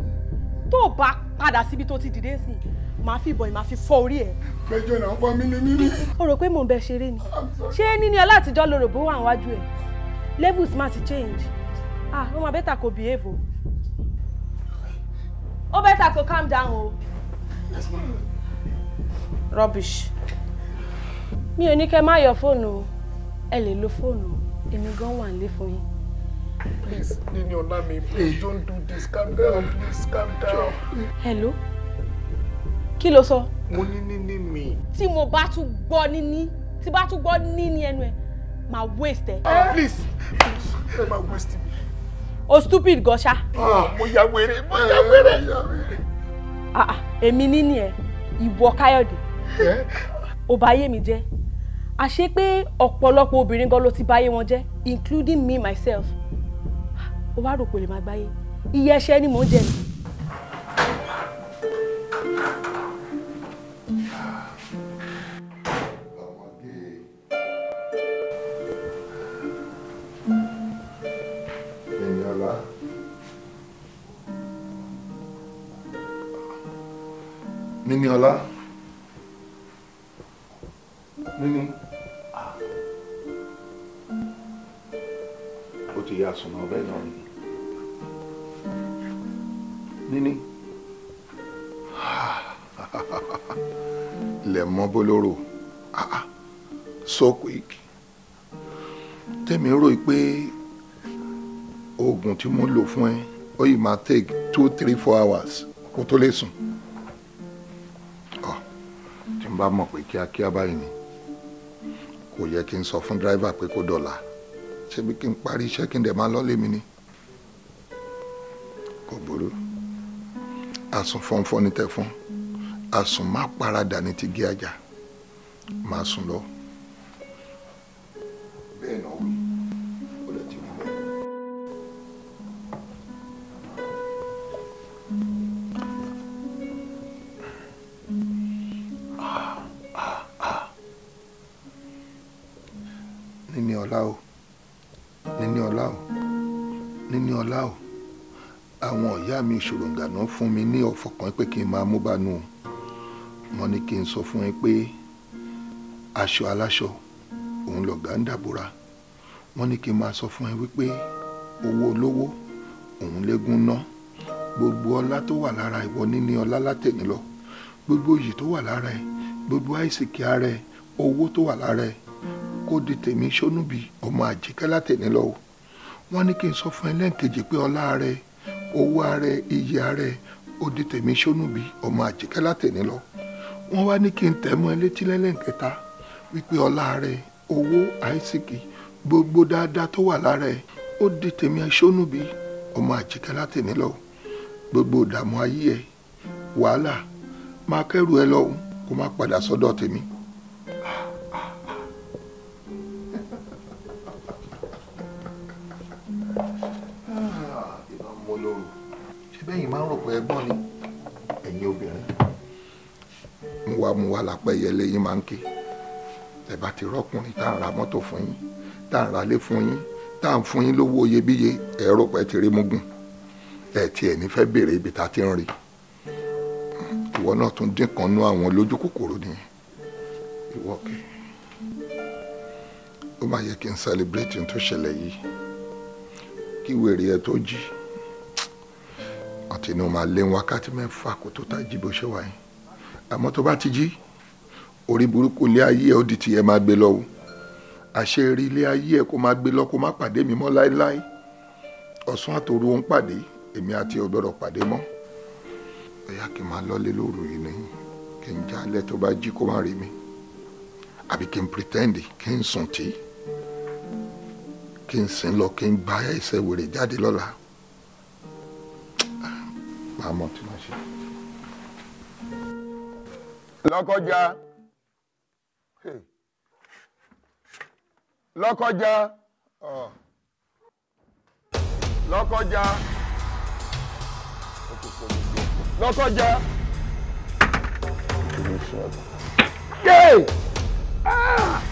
tó o bá padà síbi tó ti dìde sí màá fi ìbọn màá fi fọ́ orí ẹ̀. péjọ náà fọ mí ní mímí. o rò pé mò ń bẹ ṣeré ni ṣé níní ọlá àtijọ́ lo rògbò wà níwájú ẹ̀ levels must change ah ó máa kò behave o ó bẹ́tà kò calm down o. rubbish mi ò ní kẹ́ má yọ fóònù o ẹ lè lo fóònù èmi gan wà nílé fún yín. please nini Ọlámi please don't do this calm down please calm down. hello kí ló sọ. mo ní níní mi. tí mo bá tún gbọ́ níní tí bá tún gbọ́ níní ẹnu ẹ máa waste ẹ. Ah, please please ẹ máa waste mi. o stupid gọ́ṣà. Ah, mo ya wèrè mo ya eh, wèrè. Ah, èmi níní ẹ ìwọ Káyọ̀dé eh? ó bà yé mi jẹ́ àṣé pé ọ̀pọ̀lọpọ̀ obìnrin gan ló ti báyé wọn jẹ́ including me myself ó wá rò pé lè máa gbáyé iye ẹ̀ṣẹ̀ ni mò ń jẹ mi. Nini Ọlá. ti yà sùn náà nini náà ni. níní lẹ̀ mọ́ bólóró so quick tèmi rò pé oògùn tí mo lò fún ẹ ó yìí máa take two three four hours kó tó lè sùn ah, tí n bá mọ̀ pé kíákíá báyìí ni kò yẹ kí n sọ fún dírẹ́fà pé kó ṣebí kí n parí iṣẹ́ kí n dẹ̀ máa lọ́lé mi ni kò burú àsùn fọ́nfọ́n ní tẹ̀fọ́n àsùn má paradà ní ti gé ajá máa sùn lọ. àná fún mi ní ọ̀fọ̀ kan pé kí n máa mú bánú wọn ni kí n sọ fún yín pé aṣọ aláṣọ òun lọ̀gá ń dàbúra wọn ni kí n máa sọ fún yín wípé owó olówó òun légún ná gbogbo ọlá tó wà lára ìwọ níní ọlá látẹ̀yìn lọ gbogbo yìí tó wà lára ẹ gbogbo àìsìkí ara ẹ owó tó wà lára ẹ kó di tèmi sónúbi ọmọ àjíkẹ́ látẹ̀yìn lọ wọn ni kí n sọ fún ẹ lẹ́ǹkejì pé ọlá rẹ owó ààrẹ iye ààrẹ odi tèmi sónúbi ọmọ àjẹkẹ́ látẹ̀ní lọ wọ́n wá ní kí n tẹ̀ mọ́ létí lẹ́lẹ́ǹkẹta wípé ọlá ààrẹ owó àìsíkì gbogbo dáadáa tó wà lára ẹ̀ ó di tèmi sónúbi ọmọ àjẹkẹ́ látẹ̀ní lọ gbogbo ìdààmú ayé ẹ̀ wàhálà máa kẹ́rù ẹ lọ́hùn kó má padà sọ́dọ̀ tèmi. síbẹ̀ yìí máa ń rò pé ẹgbọ́n ni ẹ̀yin obìnrin muwa lápẹ́ yẹlé yín máa ń ké ẹ bá ti rọ́kùnrin tá à ń ra mọ́tò fún yín tá à ń ralé fún yín tá à ń fún yín lówó iyebíye ẹ rò pé ti rí mugun ẹ tiẹ̀ ní fẹ́ béèrè ibi tá a ti ń rí ìwọ náà tún dín kan nú àwọn lójú kòkòrò nìyẹn ìwọ kẹ ó máa yẹ kí n celebrate n tó ṣẹlẹ̀ yìí kí wèrè ẹ tó jí àtinú máa lé wákàtí mẹ́fà kó tó ta jí bó ṣe wà yìí àmọ́ tó bá ti jí orí burúkú ilé ayé ẹ̀ ó di tiẹ̀ máa gbé lọ́wọ́ àṣeyọrí ilé ayé ẹ̀ kó máa gbé lọ kó má pàdé mi mọ́ láéláé ọ̀sán àtòru ń pàdé èmi àti ẹ̀ ò gbọ́dọ̀ pàdé mọ́ ẹ̀yà kí n máa lọ́lé lóru yìí ni kí n jálẹ̀ tó bá jí kó má rí mi àbí kí n pretend kí n sùn tí kí n sìn lọ kí n gba ẹsẹ̀ wèrè jáde lọ́la màá mọ̀ tí màá ṣe. lọ́kọjá lọ́kọjá lọ́kọjá lọ́kọjá. Yeah! Ah!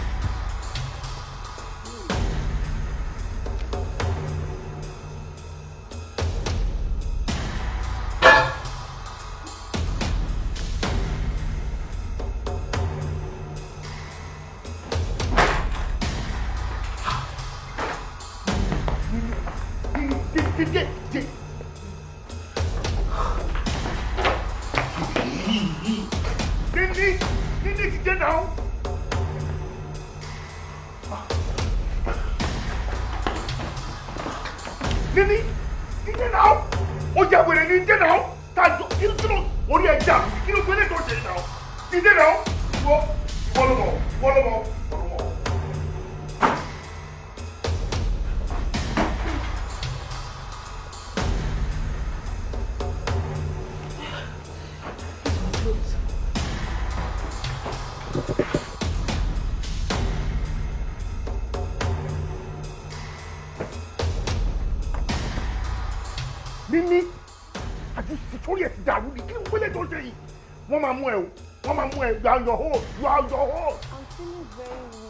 on your own. You are on your own. I'm feeling very weak.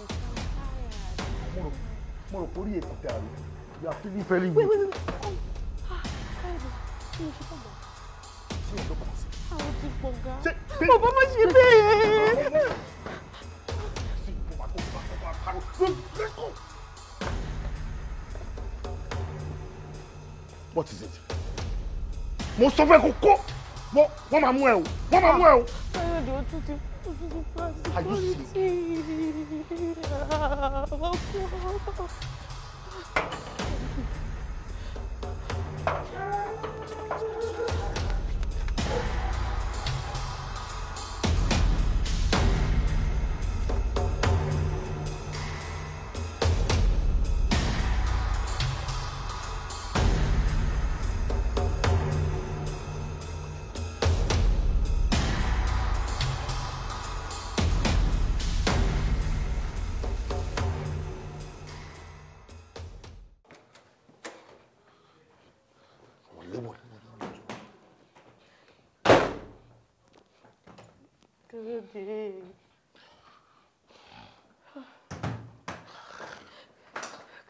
I'm tired. Mo rò pé You are feeling very weak. Wait, wait, wait. Oh, ah, kí ni ṣe What is it? Mo sọ fún ẹ kó kó. Wọ́n máa o. Wọ́n máa mú ẹ o. 我哭。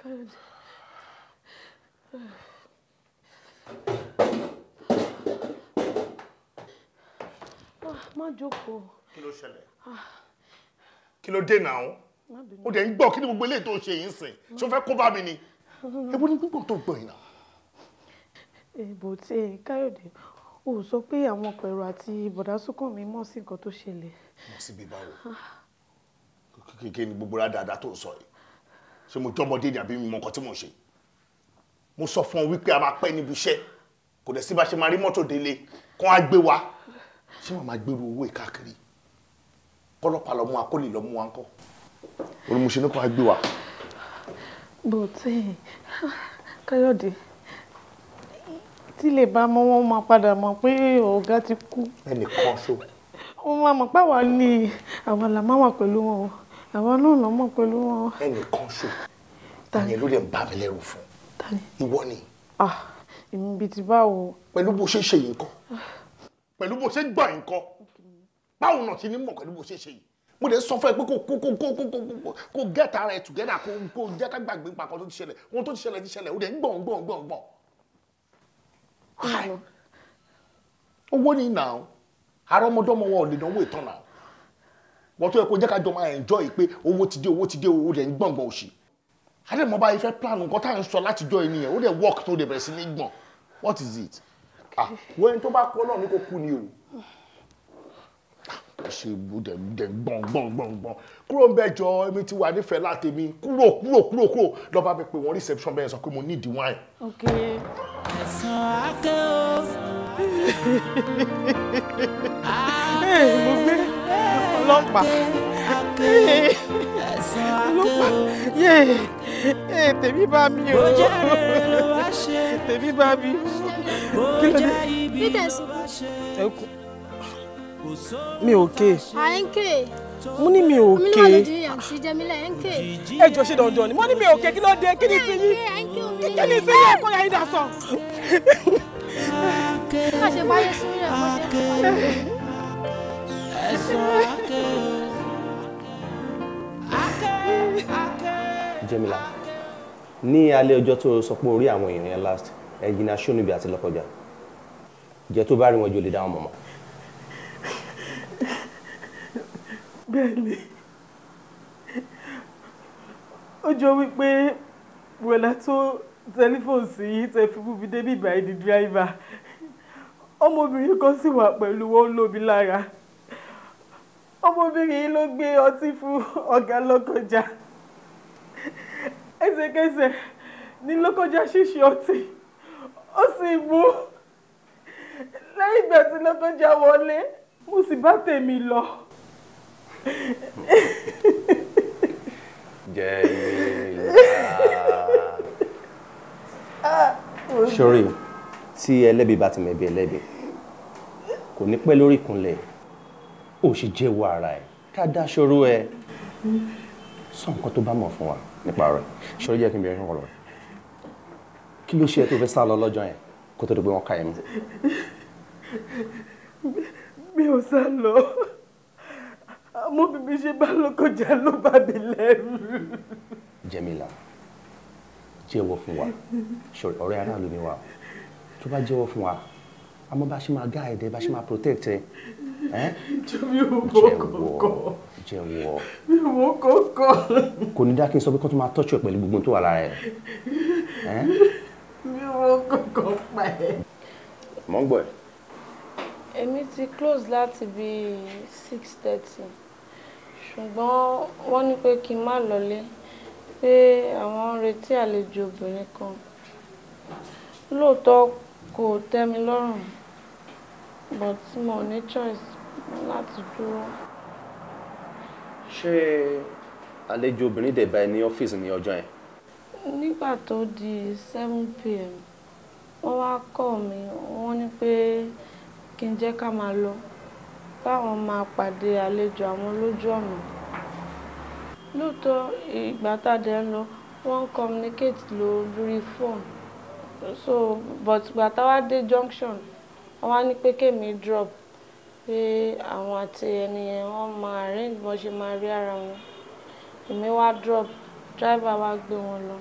Colin. Ah, má jókòó. Kí ló ṣẹlẹ̀? Ah. Kí ló dé náà? Ó dẹ̀ ń gbọ́ kí ni gbogbo eléyìí tó ṣe yìí ń sìn. Ṣé o fẹ́ kó bá mi ni? Ewu ni gbogbo tó gbọ̀ yìí náà. Èbò eh, tí Káyọ̀dé ò sọ pé àwọn ọkọ̀ ẹ̀rọ àti bọ̀dá Súnkànmí mọ̀ sí nǹkan tó ṣẹlẹ̀. Mọ̀ sí bíbá wo? Kékeré ni gbogbo rádàdà tó sọ yìí ṣé mo jọmọdé dàbí mi mọ nǹkan tí mo ṣe mo sọ fún ọ wípé a máa pẹ́ níbi iṣẹ́ kò dẹ̀ sí bá ṣe máa rí mọ́tò délé kán á gbé wa ṣé màmá gbèrú owó ìkáàkiri kọ́lọ́pàá lọ́mú wa kó lè lọ́mú wa ńkọ́ olùmúṣe ní kán á gbé wa. bọ̀tẹ́ káyọ̀dé tí lè bá mọ́ wọn máa padà mọ̀ pé ọ̀gá ti kú. ẹnì kan ṣo. wọ́n máa mọ̀ pé àwa ni àwa làmáwà pẹ̀lú wọn àwa náà lọ mọ̀ pẹ̀lú wọn. ẹnìkan ṣò tani ló lè ń bá mi lẹ́rù fún ìwọ ni. Ah, èmi bíi ti báwo. pẹ̀lú bó ṣe ṣe yìí nǹkan pẹ̀lú bó ṣe gbà yìí nǹkan báwo náà ti ní mọ̀ pẹ̀lú bó ṣe ṣe yìí mo lè sọ fún ẹ pé kò kò kò kò kò kò kò get ara ẹ together kò kò jẹ́ ká gbàgbé papọ̀ tó ti ṣẹlẹ̀ ohun tó ti ṣẹlẹ̀ ti ṣẹlẹ̀ ó dẹ̀ ń gbọ̀n gbọ̀n gbọ̀n gbọ̀n. owó ni nà ó àrọ́mọdọ́mọ wọn ò lè náwó ìtàn náà wọ́n tó yẹ kó jẹ́ ká jọ máa enjoy pé owó ti dé owó ti dé owó rẹ̀ ń gbọ̀ngbọ̀n òsì àdèmọba ìfẹ́ plan nǹkan tá à ń sọ látijọ́ yìí nìyẹn ó dẹ̀ work tó dẹ̀ bẹ̀rẹ̀ sí ní gbọ̀n what is it ah wẹ́n tó bá kọ́ náà ní kò kú ni o ah, ṣe dẹ̀ dẹ̀ gbọ̀n gbọ̀n gbọ̀n gbọ̀n kúrò ń bẹ́jọ èmi ti wà nífẹ̀ẹ́ láti mi kúrò kúrò kúrò kúrò lọ bá mi pè wọ́n reception bẹ́ẹ̀ sọ pé mo need wine. ok ẹ̀sán akẹ́ o mo gbé ọlọ́pàá ọlọ́pàá tèmi bá mi o tèmi bá mi o kí ló dé. peter ẹ kú mi ò ké. à ń ké mo ní mi ò ké ẹ jọ ṣe dandan ni mo ní mi ò ké kí ló dé kí ni ti yín kí ni ti yín ẹkọ yà yín dà sọ. ká ṣe báyé sórí ẹ̀ mọ́ Jẹ́mílà ní alẹ́ ọjọ́ tó sọ pé orí àwọn èèyàn yẹn last ẹ̀jìnà ṣónúbi àti lọ́kọjà jẹ́ tó bá rí wọn jò lè dá wọn mọ̀mọ́. bẹ́ẹ̀ni ó jọ wípé wẹ̀lá tó tẹlifóònù sí tẹ fi búbi débi ìgbà ìdí ọmọbìnrin kan sì wà pẹ̀lú wọn lóbi lára ọmọbìnrin yìí ló gbé ọtí fún ọ̀gá lọ́kọjá ẹsẹ̀kẹsẹ̀ ní lọ́kọjá ṣíṣe ọtí ó sì mú lẹ́yìn ìgbà tí lọ́kọjá wọlé mo sì bá tèmi lọ. jẹ́ ìrìn sórí tí ẹlẹ́bi bá ti mẹ̀bi ẹlẹ́bi kò ní pẹ́ lórí ìkúnlẹ̀ yìí ó ṣe jẹ́wọ́ ara ẹ̀ ká dáṣọrú ẹ sọ nǹkan tó bá mọ̀ fún wa nípa rẹ̀ ṣọlá jẹ́ kí n bẹ̀rẹ̀ ọ̀rọ̀ kí ló ṣe ẹ tó fẹ́ sá lọ lọ́jọ́ yẹn kó tó di pé wọ́n ká ẹ mú. mi ò sá lọ àmọ́ bí ṣe bá lọ́kọjá ló bá mi lẹ́rù. Jẹ́mílà jẹ́wọ́ fún wa ṣọ̀rẹ́ ọ̀rẹ́ aráàlú mi wà tó bá jẹ́wọ́ fún wa àmọ́ bá ṣe máa guide ẹ bá ṣe máa protect ẹ. jẹ́mi ò mọ kọ̀ọ̀kọ̀ jẹ́wọ́ mi ò mọ kọ̀ọ̀kọ̀. kò ní dá kí n sọ pé kó tó máa tọ́jú ẹ pẹ̀lú gbogbo tó wà lára ẹ. mi ò mọ kọ̀ọ̀kọ̀ pa ẹ. mọ̀ ń gbọ́ ẹ. èmi ti close láti bíi six thirty ṣùgbọ́n wọ́n ní pé kí n má lọlé pé àwọn ń retí àlejò obìnrin kan lóòótọ́ kò tẹ́ mi lọ́rùn but mo ò ní choice láti dúró. ṣé àlejò obìnrin dẹ̀ bá ẹ ní ọ́fíìsì ní ọjọ́ yẹn. nígbà tó di seven pm wọ́n wá kọ́ mi wọ́n ní pé kí n jẹ́ ká máa lọ báwọn máa pàdé àlejò àwọn lójú ọ̀nà lóòótọ́ ìgbà tá a dẹ̀ ń lọ wọ́n communicate lórí fóònù so but ìgbà tá a wá dé junction wọ́n á ní pé kémi drop pé àwọn àti ẹni yẹn wọ́n máa arrange bọ́n ṣe máa rí ara wọn èmi wá drop driver wá gbé wọn lọ.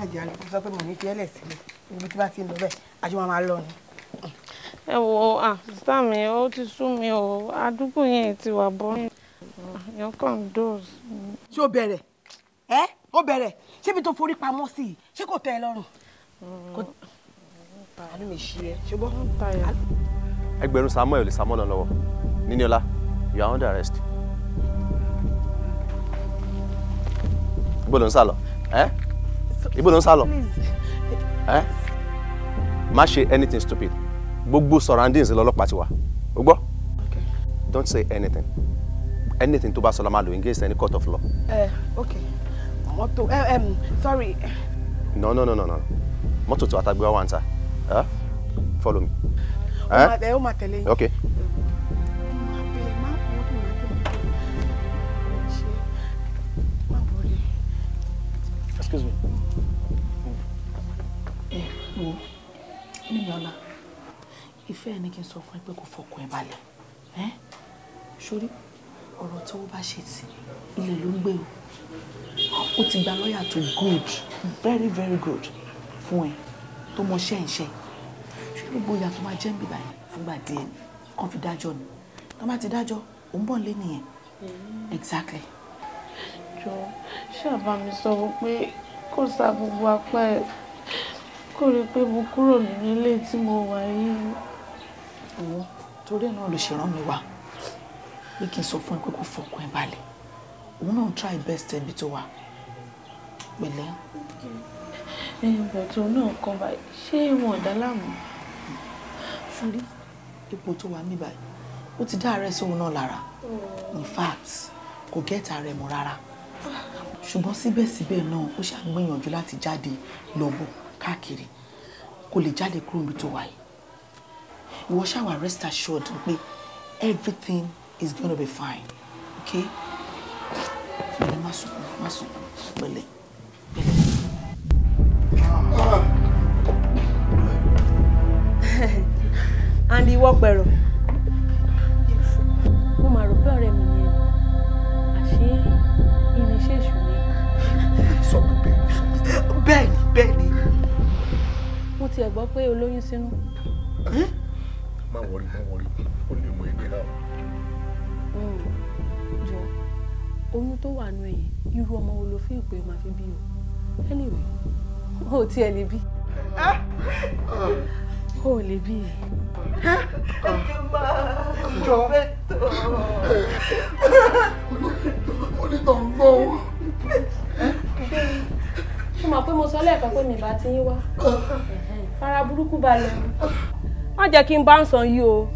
jàjà ló sọ pé mo ní fiẹ́lẹ̀ sílẹ̀ ibi tí bá ti ń lọ bẹ́ẹ̀ àjọ máa máa lọ ni. ẹ wo àtúntà mi ó ti sú mi o àdúgbò ẹgbẹ̀rún Samuel lè Samuel lọ́wọ́ Níníọlá you are under arrest. gbọ́dọ̀ ń sá Eh? ibo ló ń sá lọ eh? má ṣe anything stupid gbogbo surroundings lọ́lọ́pàá ti wà o gbọ́ don't say anything anything tó bá sọ la máa lò against any court of law. ẹ eh, ok mọ́tò ẹ eh, ẹ sorry. no no no no no mọ́tò tó àtàgbé wa wà ń follow me. ẹ ó máa tẹ̀lé yín. ok. excuse me wo Níyọlá ìfẹ́ ni kí n sọ fún ẹ pé kò fọkàn ẹ balẹ̀ ẹ́ sórí ọ̀rọ̀ tí wọ́n bá ṣe sí ilẹ̀ ló ń gbé o ó ti gba lọ́ọ̀yà tó good very very good fún ẹ tó mọ ṣẹ́ ń ṣe ṣé gbogbo ìyá tó máa jẹ́ ń bìbà yẹn fúngbà díẹ̀ ni kàn fi dájọ́ ni tó bá ti dájọ́ òun bọ̀ lé nìyẹn mm-hmm. exactly. jọ ṣáà bá mi sọ wípé kò sá gbogbo apá ẹ̀ kò rí pé mo kúrò nínú ilé tí mo wà yìí. òun torí ẹ̀ náà ló ṣe rán mi wá pé kí n sọ fún ẹ pé kó fọkàn ẹ balẹ̀ òun náà try best ẹbí tó wà pẹ̀lẹ́. ẹyin bọ̀tún náà kan báyìí ṣé ìwọ̀n ọ̀dà láàmú. sórí ipò tó wà mí báyìí ó ti dá àárẹ̀ sóhun náà lára in fact kò gẹ́ta rẹ̀ mọ́ rárá ṣùgbọ́n síbẹ̀síbẹ̀ náà ó ṣàgbìyànjú láti jáde lọ́bọ̀ káàkiri kò lè jáde kúrò níbi tó wà yìí ìwọ ṣàwà rest assured pé everything is gonna be fine okay pẹ̀lẹ́ má sunkún má sunkún pẹ̀lẹ́ pẹ̀lẹ́. and ìwọ pẹ̀rọ mo mà rò pé ọ̀rẹ́ mi ni ẹni àṣé irinṣẹ́ ìṣúná. sọ bẹ́ẹ̀ ni bẹ́ẹ̀ ni tiẹ̀ gbọ́ pé olóyún sínú. má wọrí má wọrí ó lè mọ ẹni náà. Hmm. jọ oyún tó wà nù ẹ̀yìn irú ọmọ wo ló fi ìpè máa fi bí o anyway o ò tiẹ̀ lè bí. Ah! o lè bí. jọ onítàn gbọ́ o mo mọ̀ pé mo sọ lẹ́ẹ̀kan pé mi bá ti yín wá. Ah fara burúkú balẹ̀ o má jẹ́ kí n bá ń sàn yìí o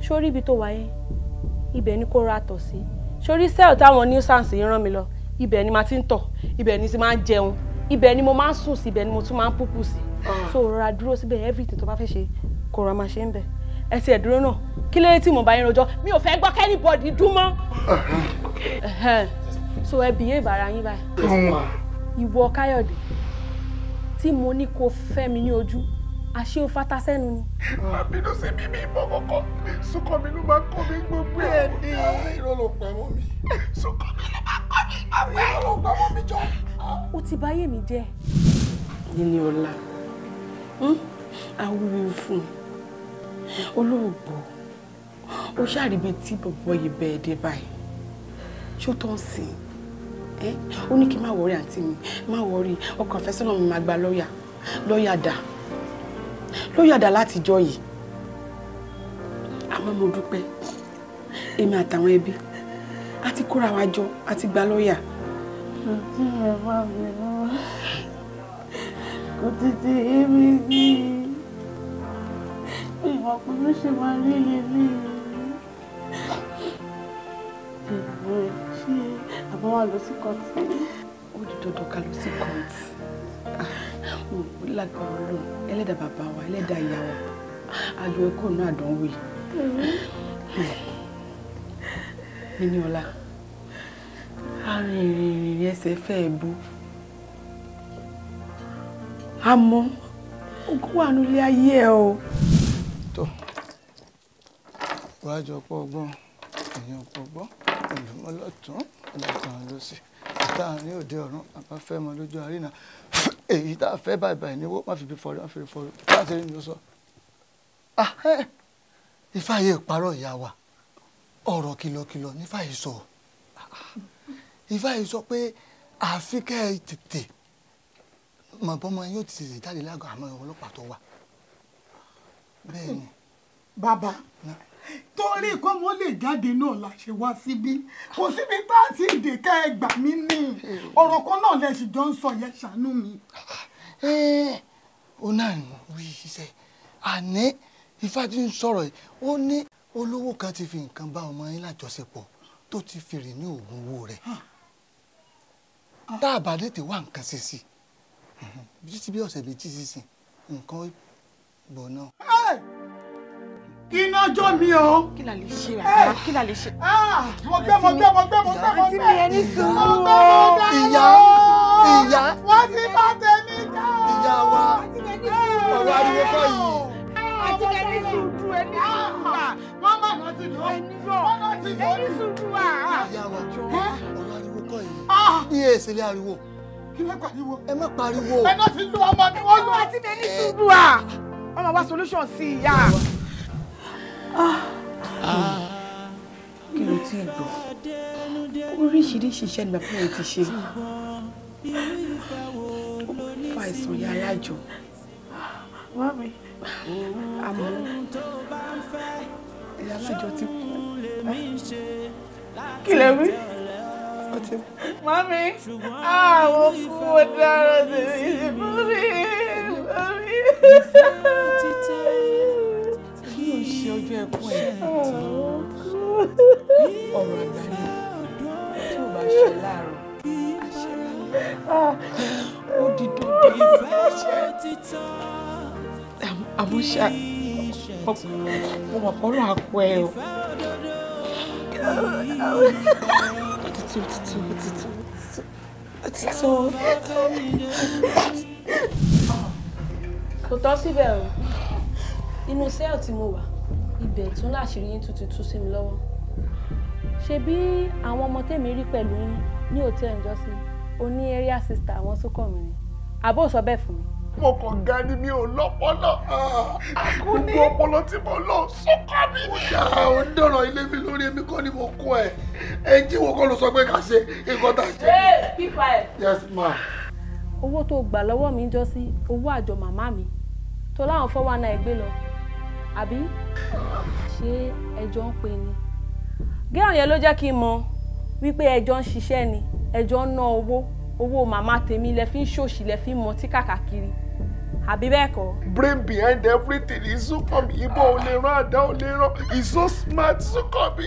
ṣó ń ibi tó wáyé ibẹ̀ ni kó ra sí sórí sẹ́ẹ̀ táwọn new sans yìí rán mi lọ ibẹ̀ ni màá ti ń tọ̀ ibẹ̀ ni ti máa ń jẹun ibẹ̀ ni mo máa ń sùn sí ibẹ̀ ni mo tún máa ń púpù sí ah. so rọra dúró síbẹ̀ everything tó bá fẹ́ ṣe kó ra máa ṣe ń bẹ̀ ẹ ti ẹ̀ dúró náà kí lóye tí mo bá yín rojọ́ mi ò fẹ́ gbọ́ kẹ́ni bọ̀dì dún mọ́ ah. so ẹ behave ara yín báyìí ìwọ Káyọ̀dé tí mo ní kó fẹ́ mi ní ojú àṣé o fata sẹ́nu ni. má bínú sí mi mi ìmọ̀ kọ̀kọ́ sùkọ́ mi ló máa kọ́ mi gbogbo ẹ̀ ní. irọ́ ló pẹ̀ mi. sùkọ́ mi ló máa kọ́ mi gbogbo ẹ̀. irọ́ ló mi jọ. o ti báyé mi jẹ́. níní ọlá hmm? awúwo fún olóògbò ó ṣàríbi tí bọ̀bọ̀ yìí bẹ́ẹ̀ dé báyìí ṣó tó ń sìn ẹ eh? ó ní kí n má wọrí àǹtí mi má wọrí ọkọ àfẹ́sọ́nà mi máa gba lọ́ọ̀yà lọ́ọ̀yà dà lọ́ọ̀yà dà látijọ́ yìí àmọ́ mo dúpẹ́ èmi àtàwọn ẹbí a ti kóra wa jọ a ti gba lọ́ọ̀yà. ọtí rẹ má mi lọ kò tètè yé mi ní ìwà pé ló ṣe máa rí ilé mi wọ́n wá lọ sí kọ́ọ̀tì ó di dandan ká lọ sí kọ́ọ̀tì ah, mo lágbára ọlọ́run ẹlẹ́dàá bàbá wa ẹlẹ́dàá ìyá wa ayọ̀ ẹ̀kọ́ náà àdánwò yìí Níníọlá arìnrìnrìn ẹsẹ̀ fẹ́ bu àmọ́ ogún wà nílé ayé ẹ o. tó rájọ pọ̀ ọgbọ́n èèyàn pọ̀ ọgbọ́n ìlú ẹnìkan ló sì tá a ní òde ọ̀run àbá fẹ́ mọ lójú àríná èyí tá a fẹ́ báyìí báyìí níwó má fi bí fọrí fi bí fọrí bá a sọ. ifáyé parọ́ ìyá wa ọ̀rọ̀ kìlọ̀kìlọ̀ nífàyè sọ ifáyé sọ pé àfi tètè mọ̀bọ́mọ yóò ti tètè jáde lágọ̀ọ́ àmọ́ ọlọ́pàá tó wà. bẹ́ẹ̀ ni. bàbá torí kó wọ́n lè jáde náà la ṣe wá síbí kò síbi tá a ti dè ká ẹ gbà mí ní ọ̀rọ̀ kan náà lẹ́sìn jọ ń sọ yẹn ṣàánú mi. ẹ ẹ ó náà ń wí ṣiṣẹ́ àní ifá ti ń sọ̀rọ̀ yìí ó ní olówó kan ti fi nǹkan bá ọmọ yín lájọṣepọ̀ tó ti fèrè ní oògùn owó rẹ̀ ah. Ah. tá a bá tètè wá nǹkan ṣe sí i títí bí ọ̀sẹ̀ méjì sísìn nǹkan bọ̀ náà kí iná jó mi o. kí la lè ṣe eh, àná kí la lè ṣe. mo gbé mo gbé mo gbé mo gbé mo gbé mo gbé mo gbé mo gbé ìyá ìyá wọ́n ti bá tẹ̀mí ká. ìyá wa ọ̀rọ̀ eh, ariwo kọ́ yìí. Ah, àti ẹni sùúrù ẹni sùúrù wa. Ah, wọ́n mọ̀ náà ti lọ ẹni lọ ẹni sùúrù wa. Ah. ìyá wa ọ̀rọ̀ eh? ariwo kọ́ yìí. iye ìṣẹ̀lẹ̀ ariwo. kí ló pariwo. ẹ má pariwo. ẹ náà ti lu ọmọ mi wọ́n lọ. ẹ náà ti lè ní sùúrù wa. ọmọ wa solution sí ìyá. Ah. kí ló ti gbọ́ oríṣiríṣi iṣẹ́ ni bàbá yẹn ti ṣe fa ìsàn ya alájọ àmọ́ ìyá alájọ ti kú ah. kí lè wí ọtí. mami àwọn kú ọ̀daràn ti ṣe fún mi tọ́jú ẹkún ẹ̀ ọ̀rọ̀ àgbà ni tí ò bá ṣe láàárọ̀ ó di dandan ìfẹ́ ṣe àmọ́ ṣá mo mọ̀ pọ́nrọ́ àpò ẹ̀ o òtútù òtútù òtútù òtútù kò tọ́ síbẹ̀ o inú sẹ́ẹ̀ tí mo wà ibẹ̀ tún láṣìírí yín tuntun tú sí mi lọ́wọ́ ṣebí àwọn ọmọ tèmi rí pẹ̀lú yín ní hòtẹ́ẹ̀lì ìjọsìn oní area sister àwọn sókàn mi ni àbó sọ bẹ́ẹ̀ fún mi. mo kàn ga ni mi ò lọ́pọlọ gbogbo ọpọlọ tí mo lọ sókàn mi ni. ìyá ò ń dọ̀rọ̀ ilé mi lórí èmi kọ́ ni mo kó ẹ ẹ jí wo kọ́ ló sọ pé ká ṣe nǹkan tá a ṣe. ee pípa ẹ. yes ma. owó tó gbà lọ́wọ́ mi jọ sí owó àjọ màmá mi tó láwọn fọ́ wa náà ẹ lọ àbí ṣé ẹjọ́ ń pè ní. gẹ́rùn yẹn ló jẹ́ kí n mọ wípé ẹjọ́ ń ṣiṣẹ́ ni ẹjọ́ ń ná owó owó màmá tèmi lẹ fi ń ṣòṣì lẹ fi ń mọtí kàkàkiri àbí bẹ́ẹ̀ kọ́. brain behind everything Zukanmi ibo ò lè rán àdá ò lè rán he so smart Zukanmi.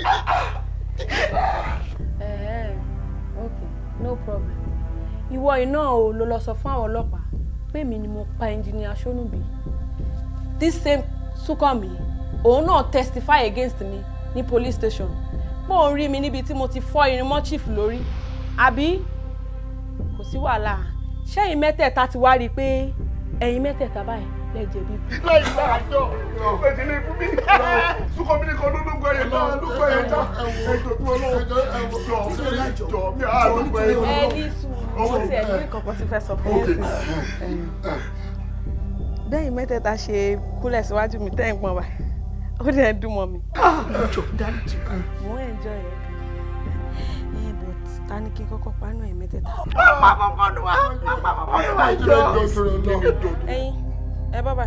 ok no problem ìwọ iná o ló lọ sọ fún àwọn ọlọ́pàá pé mi ni mo pa ẹnjìnìà Ṣónúbí this same Súnkànmí òun náà testify against me, ní police station pé òun rí mi níbi tí mo ti fọ́ irin mọ́ chief lórí àbí kò sí wàhálà ṣẹ́yìn mẹ́tẹ̀ẹ̀ta ti wá rí i pé ẹ̀yin mẹ́tẹ̀ẹ̀ta báyìí lẹ́jẹ̀ bí. láì bá a jọ ẹ̀jẹ̀ lè fún mi Súnkànmí nìkan ló ló gbọ́ ẹ̀yẹ náà ló gbọ́ ẹ̀yẹ náà ẹ̀jọ̀ tó lọ́wọ́ jọ jọ mi àá ló gbọ́ ẹ̀yẹ náà. ẹni sùn mo ti ẹ̀mí kankan ti fẹ́ sọ fún yẹn bẹ́yìn mẹ́tẹ̀ẹ̀ta ṣe kúlẹ̀ síwájú mi tẹ́ ń pọn wa ó dẹ̀ ń dùn mọ́ mi. Ah! jọ dáríjì kan. mo ń enjoy ẹ ẹ eh, but ta ni kí n kọ́kọ́ panú ẹ̀ mẹ́tẹ̀ẹ̀ta. ọmọ àkọ́kọ́ ni wá ọmọ àkọ́kọ́ ni wá jọ. ẹyin ẹ bàbá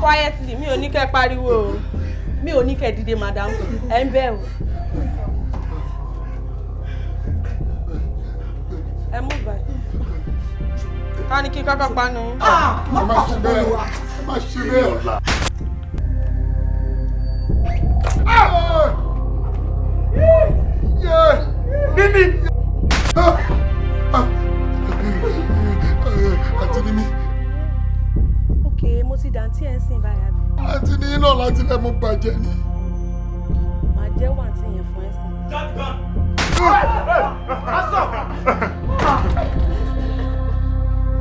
quietly mi ò ní kẹ́ pariwo o mi ò ní kẹ́ dìde madam ẹ ń bẹ̀ o. ẹ mú báyìí ká ní kí kọ́kọ́ panu. ẹ má ṣe bẹ́ẹ̀ ẹ má ṣe bẹ́ẹ̀. Nini. Àti ni mi. Ok, mo ti dàntí ẹ̀ ń sìn báyà bí. Àti ni iná láti fẹ́ mú bàjẹ́ ni. Màá jẹ́ wà tí yẹn fún ẹ sìn. Jáde gan. Aṣọ.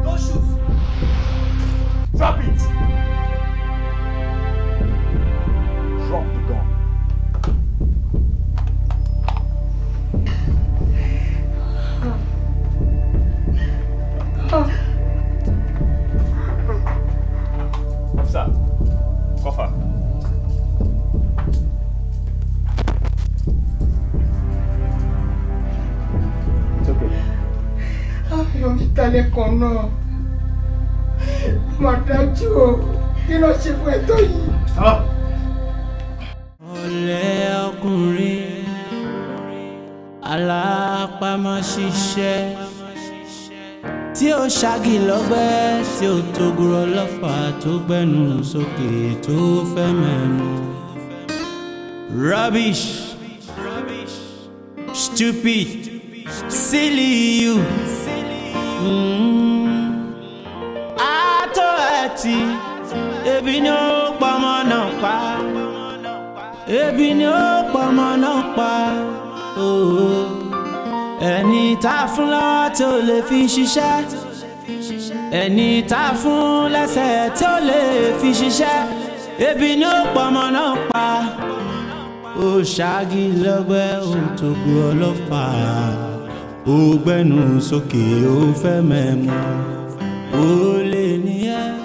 Don't shoot. Drop it. Drop the gun. Oh. lálẹ́ kan náà mà dájú o kí ló ṣe fún ẹ̀tọ́ yìí. ọ̀lẹ́ ọkùnrin alápámọ́ṣiṣẹ́ tí ó ṣáàgì lọ́gbẹ́ tí ó togurọ lọ́fà tó gbẹ́nu sókè tó fẹ́ mẹ́nu. rubbish stupid silly you àtọ́ àti ebi ni ó pọmọ náà pa ebi ni ó pọmọ náà pa oh, ẹni tá a fún lọ́wọ́ tí ó lè fi ṣiṣẹ́ ẹni tá a fún lẹ́sẹ̀ tí ó lè fi ṣiṣẹ́ ebi ni ó pọmọ náà pa ó ṣáági lọ́gbẹ́ òun tó gbọ́ ọlọ́pàá ó gbẹ́nu sókè ó fẹ́ mẹ́mọ́ ó lè ní ẹ́.